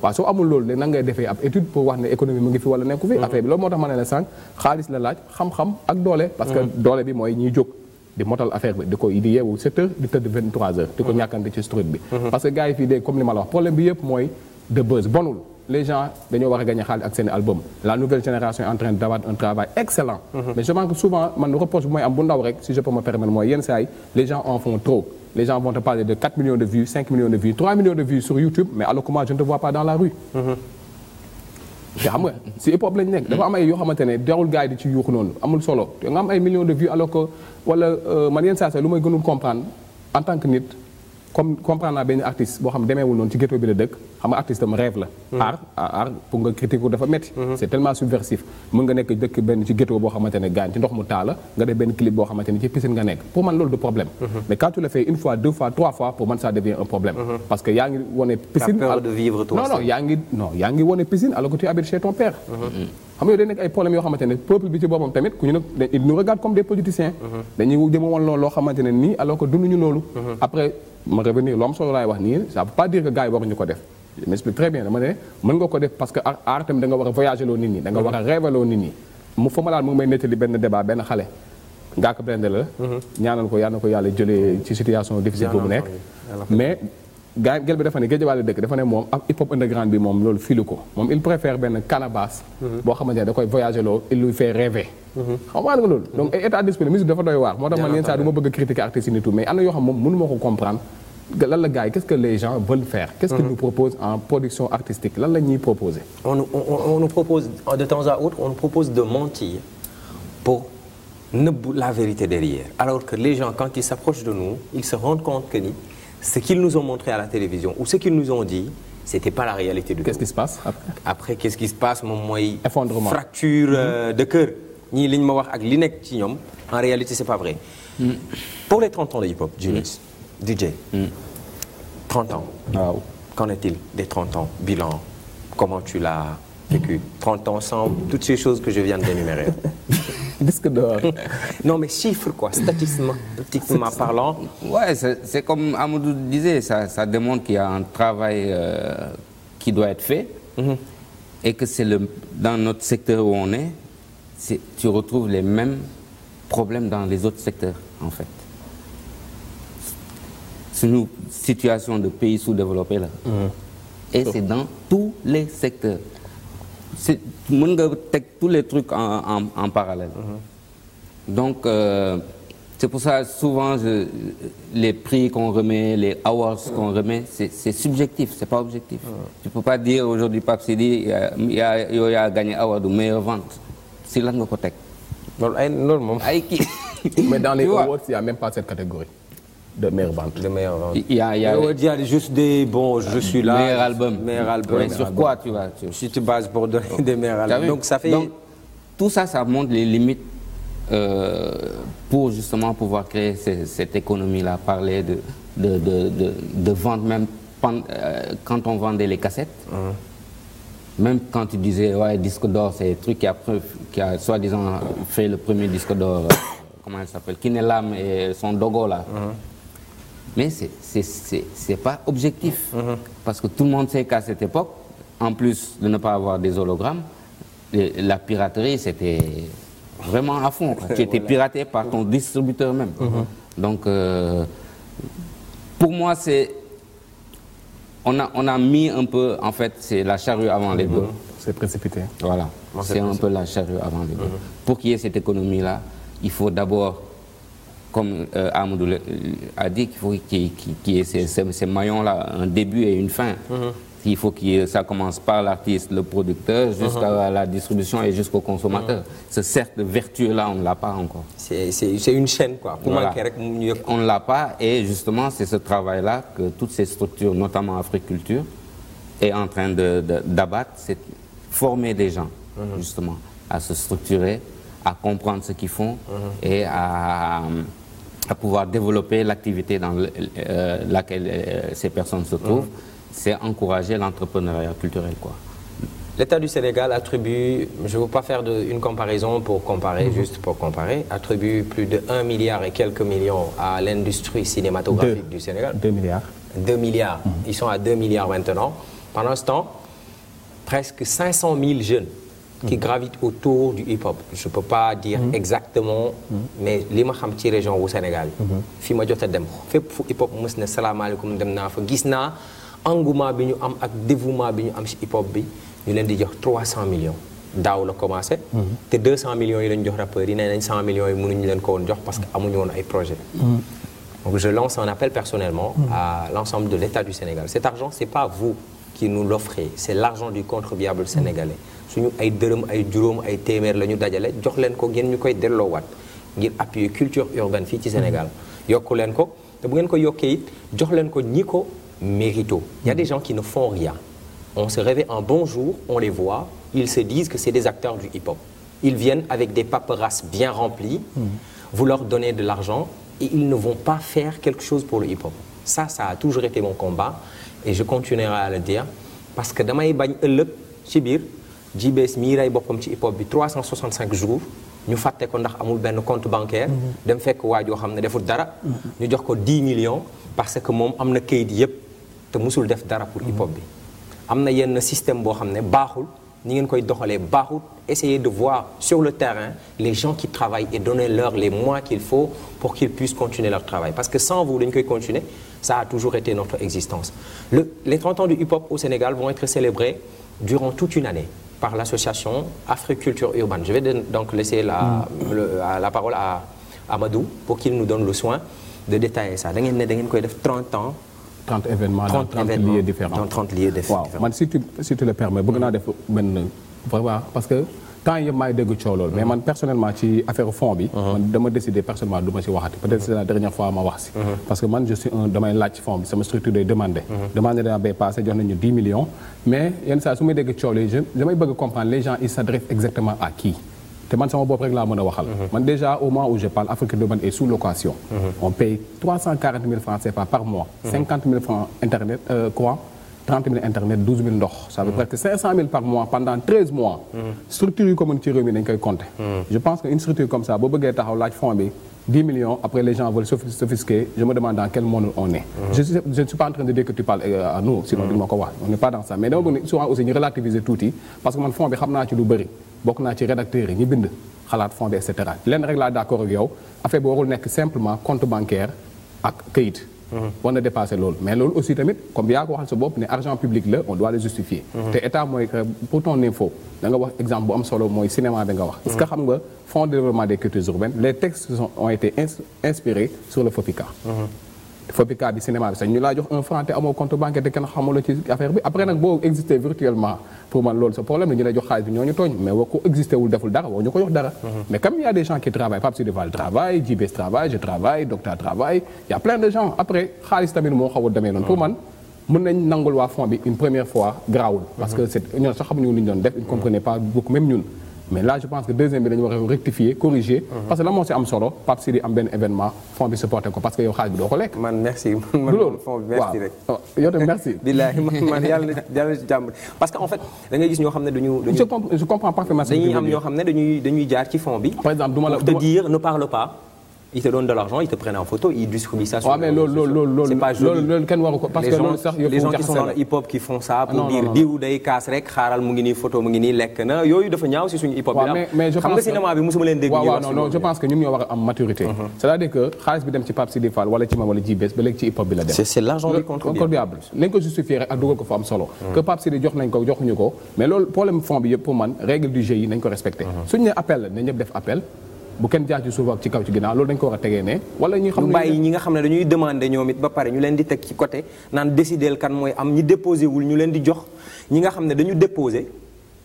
waaw soo amul loolu ne nan defee ab étude pour wax ne économie mu ngi fi wala nekku fi hmm. affaire bi loolu moo tax ma ne la sànq xaalis la laaj xam-xam ak doole parce que hmm. doole bi mooy ñiy jóg di motal affaire bi di ko yeewu 7 heures di tëdd 23 heures di ko hmm. ñàkkante ci structure bi parce que gars yi fii dee comme li ma la wax problème bi yëpp mooy de buzz bonul les gens dañoo war a xaalis ak seen album la nouvelle génération en train d'avoir les gens vont te parler de 4 millions de vues 5 millions de vues 3 millions de vues sur YouTube mais alors que moi je ne te pas dans la rue. te mm-hmm. xam nga si hip hop nekk. dafa am ay yoo xamante ne darul gars yi di ci yuuxu noonu amul solo te nga am ay millions de vues alors que wala euh, man yenn saa lu may gënul comprendre en tant que nit. comme comprendre naa benn artiste boo xam demeewul noonu ci ghetto bi la dëkk xam nga artiste rêve la mm-hmm. art pour nga critiquer ko dafa metti mm-hmm. c' est subversif mën nga nekk dëkk benn ci ghetto boo xamante gaañ ci ndox mu taa nga def benn clip boo xamante ci piscine nga nekk pour man loolu du problème mm-hmm. mais quand tu le une fois deux fois trois fois pour man ça devient un problème parce que yaa ngi wone piscine non que tu habites chez ma revenir lu solo laay wax nii ça pas dire que gars waruñu ko def je m'explique très bien dama ne mën nga ko def parce que aar tamit da war a voyager loo nit ñi da war a rêver nit ñi mu fa ma mu may nettali benn débat benn xale Ngaaka Blindé la mhm. ñaanal ko yal na ko yàlla jëlee ci situation difficile bu nekk mais gaa gel bi géej wàllu dëkk dafa moom hip hop underground bi moom loolu filu ko moom il préfère benn calebasse mhm. boo xamante da koy voyager loo il lui fait rêver mhm. xam nga loolu donc ay mhm. état d'esprit musique dafa doy waar moo tax man yenn saa ma bëgg critiquer artistes yi ni mais am yoo xam moom mënu ma ko comprendre lan la qu'est-ce que les gens veulent faire qu'est-ce qu'ils nous proposent en production artistique lan la proposer on, nous propose de ce qu'ils nous ont montré à la télévision ou ce qu'ils nous ont dit c'était pas la réalité du tout. qu'est-ce qui se passe après. après qu'est-ce qui se passe moom mooy. effondrement fracture mm-hmm. euh, de cœur. ñii li ñu ma wax ak li nekk ci ñoom en réalité c'est pas vrai. Mm. pour les 30 ans de hip-hop. Julius mm. DJ. Mm. 30 ans. waaw qu'en est-il des 30 ans bilan comment tu l'as vécu 30 ans sans toutes ces choses que je viens d'énumérer. Disque d'or. non, mais chiffres, quoi, statistiquement, statistiquement parlant. Ouais, c'est comme Amadou disait, ça, ça démontre qu'il y a un travail euh, qui doit être fait mm -hmm. et que c'est le, dans notre secteur où on est, est, tu retrouves les mêmes problèmes dans les autres secteurs, en fait. C'est une situation de pays sous-développés, là. Mm -hmm. Et c'est dans tous les secteurs. c' est mën nga teg tous les trucs en en en parallèle. Mhm. donc euh, c' est pour ça souvent je, les prix qu'on remet les awards qu'on mhm. remet c' est c' est subjectif c' est pas objectif. Mhm. tu peux pas dire aujourd'hui Pape Sidi yaa yow yaa gagné award ou meilleure vente si lan nga ko teg. loolu ay loolu moom ay kii. mais dans les awards il y a même pas cette catégorie. de meilleure vente. De meilleure vente. Il y a, il y ah, oh. Donc ça fait. Donc, tout ça, ça montre les limites euh, pour justement pouvoir créer ces, cette économie-là. Parler de, vente, euh, quand on vendait les cassettes. même quand tu disque d'or c'est truc qui a, soi-disant fait le premier disque d'or euh, comment elle s'appelle Kinelam et son Dogo là mais c'est c'est c'est pas objectif. Mm -hmm. parce que tout le monde sait qu'à cette époque en plus de ne pas avoir des hologrammes la piraterie c'était vraiment à fond quoi, qui était piraté par ton mm-hmm. distributeur même. Mm -hmm. donc euh, pour moi c'est on a on a mis un peu en fait c'est la charrue avant les mm-hmm. bœufs. c'est précipité. voilà c'est un peu la charrue avant les bœufs. Mm -hmm. pour qu'il y ait cette économie là il faut d'abord comme euh, Amadou a dit, qu'il faut qu'il y, qu y ait ces, ces maillons-là, un début et une fin. Mm -hmm. Il faut que ça commence par l'artiste, le producteur, mm-hmm. jusqu'à mm -hmm. la distribution et jusqu'au consommateur. Mm -hmm. Ce cercle vertueux-là, on ne l'a pas encore. C'est une chaîne, quoi. Voilà. On ne l'a pas et justement, c'est ce travail-là que toutes ces structures, notamment Africulture, est en train d'abattre, de, de, c'est former les gens, mm-hmm. justement, à se structurer, à comprendre ce qu'ils font mm-hmm. et à à pouvoir développer l'activité dans le, euh, laquelle euh, ces personnes se trouvent. Mmh. C'est encourager l'entrepreneuriat culturel, quoi. L'État du Sénégal attribue, je ne veux pas faire une comparaison pour comparer, mmh. juste pour comparer, attribue plus de milliard et quelques millions à l'industrie cinématographique Deux. du Sénégal. 2 milliards. 2 milliards. Mmh. Ils sont à 2 milliards maintenant. Pendant ce temps, presque jeunes qui mhm. gravitent autour du hip-hop. je peux pas dire mhm. exactement. Mhm. mais li ma xam ci région wu Sénégal. fi ma jot a dem fépp fu hip-hop mës na salaamaaleykum dem naa fa gis naa engouement bi ñu am ak dévouement bi ñu am ci hip-hop bi ñu leen di jox 300 millions. daaw la commencé. te 200 millions yi lañ jox rappeurs yi nee nañ 100 millions yi mënuñu leen ko woon jox parce que amuñu woon ay projets. donc je lance un appel personnellement. à l'ensemble de l'État du Sénégal cet argent c'est suñu ay dërëm ay juróom ay téeméer la ñu dajale jox leen ko ngeen ñu koy delloowaat ngir appuyer culture urbaine fii ci mm-hmm. Sénégal yokku leen ko te bu ngeen ko yokkee jox leen ko ñi ko mérito i y a des mm-hmm. gens qui ne font rien on se réveille un bon jour on les voit ils se disent que c'est des acteurs du hip-hop ils viennent avec des paperasses bien remplies mm-hmm. vous leur donnez de l'argent et ils ne vont pas faire quelque chose pour le hip-hop ça ça a toujours été mon combat et je continuerai à le dire parce que damay bañ ëllëg ci biir JBS mii rey boppam ci hip hop bi 365 jours ñu fàtte ko ndax amul benn compte bancaire. Mhm. dem fekk waa joo xam ne deful dara. Mhm. ñu jox ko 10 millions parce que moom am na kayit yépp te musul def dara pour mhm. hip hop bi. am na yenn système boo xam ne baaxul ni ngeen koy doxalee baaxul essayer de voir sur le terrain les gens qui travaillent et donner leur les moyens qu'il faut pour qu'ils puissent continuer leur travail parce que sans vous dañu koy continuer ça a toujours été notre existence. le les 30 ans du hip hop au Sénégal vont par l'association Africulture urbaine. Je vais donc laisser la, mm. le, euh, la parole à Amadou pour qu'il nous donne le soin de détailler ça. da ngeen ne da ngeen koy def 30 ans. 30 événements dans 30 lieux différents dans 30 lieux différents. waaw man si tu si tu le permets bëgg naa def benn vraiment parce que. temps yëpp maay dégg coow mais man personnellement ci affaire fond bi uh-huh. man dama décidé personnellement du ma si waxati peut uh-huh. damay laaj ci fond bi sama structure day demandé uh-huh. demandé dana bay passé jox nañu 10 millions mais yenn saa su may dégg coow li damay bëgg comprendre les gens ils s'adressent exactement à qui te man sama bopp rek laa mën a waxal. man déjà au moment où je parle Afrique de Man sous location. on paye 340 000 30 000 internet 12 000 que 500 par mois pendant 13 mois. structure yu ko mën ci réew mi dañ koy compter. je pense que une structure comme ça boo bëggee taxaw laaj fond bi 10 millions après euh, ko wax on pas dans ça mais dama bëgg souvent aussi ñu relativiser tuuti parce que man fond bi xam naa ci lu bëri bokk naa ci rédacteurs yi ñu bind. xalaat fond bi et cetera lenn rek d'accord yow affaire bi warul nekk simplement compte bancaire ak kayit. war na dépasser loolu mais loolu aussi tamit comme yaa ko waxal sa bopp ne argent public la on doit le justifier te état mooy que pour ton info da nga wax exemple bu am solo mooy cinéma da nga wax est-ce que xam nga fonds de des cultures urbaines les textes ont été inspirés sur le FOPICA Fopica bi cinéma bi sax ñu laa jox un amoo compte bancaire te kenn xamuloo ci affaire bi après nag boo existé virtuellement pour man loolu problème la ñu lay jox xaalis bi ñoo tooñ mais woo ko wul deful dara woo ñu ko jox dara. Mhm. mais comme il y a des gens qui travaillent Pape Sidi Fall travaille Jibes travaille je travaille de gens après xaalis tamit moo xaw a noonu. pour mhm. man mën nañ waa fond une première mais là je pense que deuxième bi dañu war a rectifier corriger. Mhm. parce que la moo si am solo parce que yow xaalis bi doo ko lekk. man merci man loolu fond bi merci rek. Oh, yow tamit merci. billaahi man yàlla na yàlla na dañuy am ñoo xam ne dañuy jaar ci fond bi. par exemple du ma la pour te dire ne parle pas. ils te donnent de l'argent, ils te prennent photo, ils distribuent sax les hip hop qui font ça ah, pour dire diw day kaas rek xaaral mu ngi nii photo mu ngi nii lekk na yooyu dafa ñaaw si suñu hip hop bi ah. xam nga cinéma je pense que ñun ñoo war am maturité mhm. c'est-à-dire que xaalis bi dem ci Pape Sidi wala ci ma wala ci bés ba ci hip hop bi la dem nañ ko justifier ak dugal ko fa am solo mhm. que Pape jox nañ ko joxuñu ko mais loolu problème fond bi yëpp man règle bu kenn jaar ci suuf ak ci kaw ci ginnaaw loolu dañ ko war a tegee ne wala ñi xam bàyyi ñi nga xam ne dañuy demandé ñoom it ba pare ñu leen di teg ci côté naan décideel kan mooy am ñi déposé wul ñu leen di jox ñi nga xam ne dañu déposé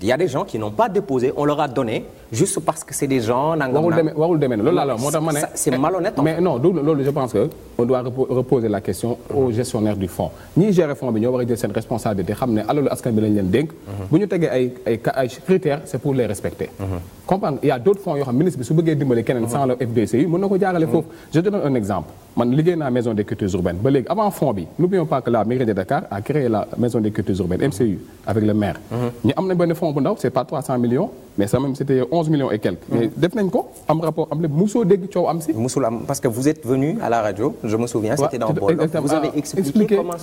il y a des qui n'ont pas déposé on leur donné juste parce que c'est des gens. nangam warul warul demee loolu laa la moo c'est malhonnête mais non loolu je pense que. on doit reposer la question aux gestionnaires du fonds ñiy gérer fonds bi ñoo war a jël responsabilité xam ne alalu askan bi lañ leen dénk. Mhm. bu ñu tegee ay ay ay c'est pour les respecter. Mhm. comprendre il y d'autres fonds yoo xam ministre bi su bëggee dimbali keneen sans mhm. le FDCI mën na ko jaarale foofu. je donne avant fonds bi n'oublions mais ça même c'était onze millions et quelques. mais mm-hmm. def nañ ko am rapport am lépp mosoo dégg coow am si. mosul la radio. je me souviens c'était dans ah,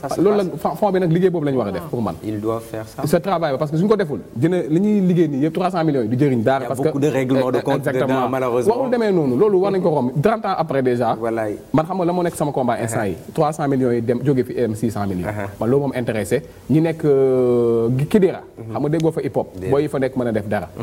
ah, la fond bi liggéey boobu la ñu a def pour man. il doit faire ça. ce parce que suñ ko deful dina liggéey nii yëpp du jëriñ dara. beaucoup de règlements de compte dedans malheureusement warul demee noonu loolu war nañu ko romb 30 après déjà. man xam la moo nekk sama combat instant yi. millions yi dem jóge fi am uh-huh. man loolu moom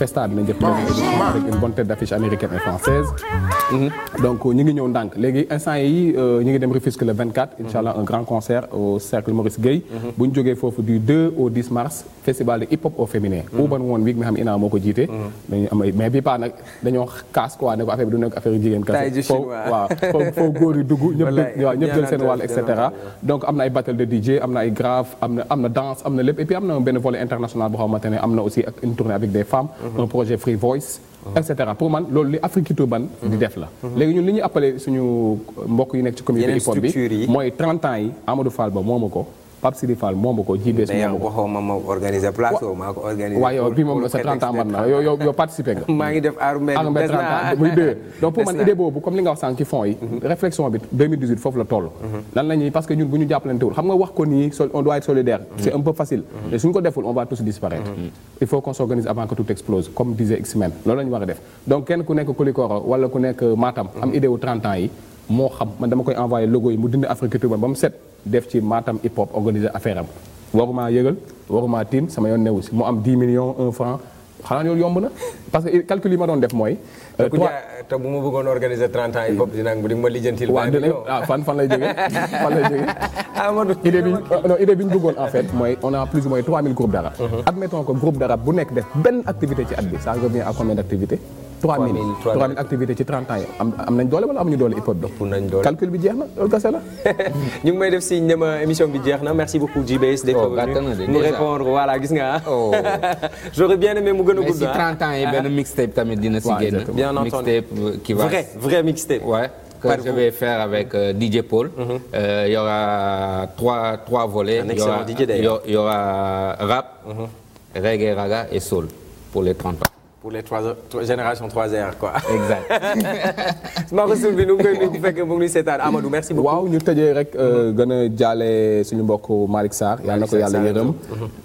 Festa dina jëf présentation avec une bonne tête d'affiche américaine et française mm-hmm. donc euh, ñu ngi ñëw léegi instant yi euh, ñu ngi dem Rufisque le 24 incha allah un grand concert au cercle Maurice Gueye mm-hmm. bu ñu foofu du au mars festival de hip hop au féminin mm-hmm. Urban One Week mi xam Ina moo jiite mais bi paa nag kaas quoi ne ko affaire du nekk affaire jigéen kese foo waaw foo foo góor yi donc am na ay battle de DJ am na ay grave am na danse am na lépp et un projet Free Voice. Uh-huh. et cetera pour man loolu li Afrique ban di uh-huh. def la. Uh-huh. léegi ñun li ñu appelé suñu mbokk yi nekk ci communauté hip hop bi mooy 30 ans yi Amadou Fall ba moomu ko. Pape Sidi Fall moomu ko ko. waxoo sa 30 ans man na nga. maa ngi def yi. Mhm. réflexion foofu la toll. Mhm. lan la parce que ñun bu ñu jàppalantewul xam nga wax ko nii solidaire. Mhm. c' un peu facile. suñ ko deful on va tous disparaître. il faut qu'on s'organise avant que tout explose comme disait X-Men loolu la def donc kenn ku nekk Kulikoro wala ku nekk Matam am idée wu ans yi moo xam man dama koy envoyé logo yi mu dindi Afrique Cuba ba mu set def ci Matam hip hop organiser affaire waruma yëgal waruma tiim sama yoon newu si mu am 10 millions 1 franc xanaa loolu yomb na parce que ma doon def mooy. Euh, trois te bu ma bëggoon organiser 30 ans hip hop dina mooy on a mhm. bu nekk def benn activité ci at bi ça revient à combien 3000 3000 activités ci 30 ans yi am am nañ doole wala amuñu doole hip hop bi. ëpp nañ doole calcul bi jeex na loolu kese la. ñu ngi may def signe ne ma émission bi jeex na merci beaucoup JBS. d'être oh, venu nous répondre voilà gis nga ah. Oh. j'aurais bien aimé mu gën a gudd. mais si 30 ah. ans yi benn mixtape tamit dina si génn. bien entendu mixtape euh, qui va. vrai vrai mixtape. Ouais. que Par je vous. vais faire avec euh, DJ Paul. Mm -hmm. euh, il y aura trois trois volets. il y aura, DJ, il y aura rap, mm -hmm. reggae, raga et soul pour les 30 ans. pour les trois génération 3R quoi. exact. Marissoul bi nu mu koy nuyu bu fekkee mu ngi nuyu Amadou merci beaucoup. waaw ñu tajee rek euh, gën a jaale suñu mbokk Malick Sarr. yàlla na ko yàlla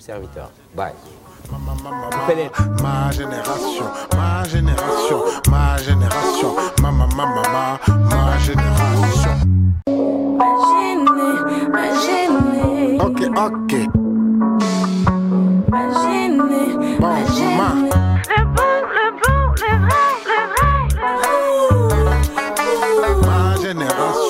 humble serviteur. Bye. Ma génération, ma génération, ma génération, ma ma ma ma ma génération. Ma géné, ma Ok, ok. Ma géné, ma géné.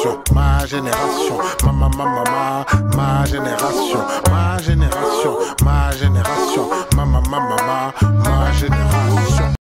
génération, ma génération, ma ma ma ma ma, ma génération, ma génération, ma génération, ma ma ma ma ma, ma génération.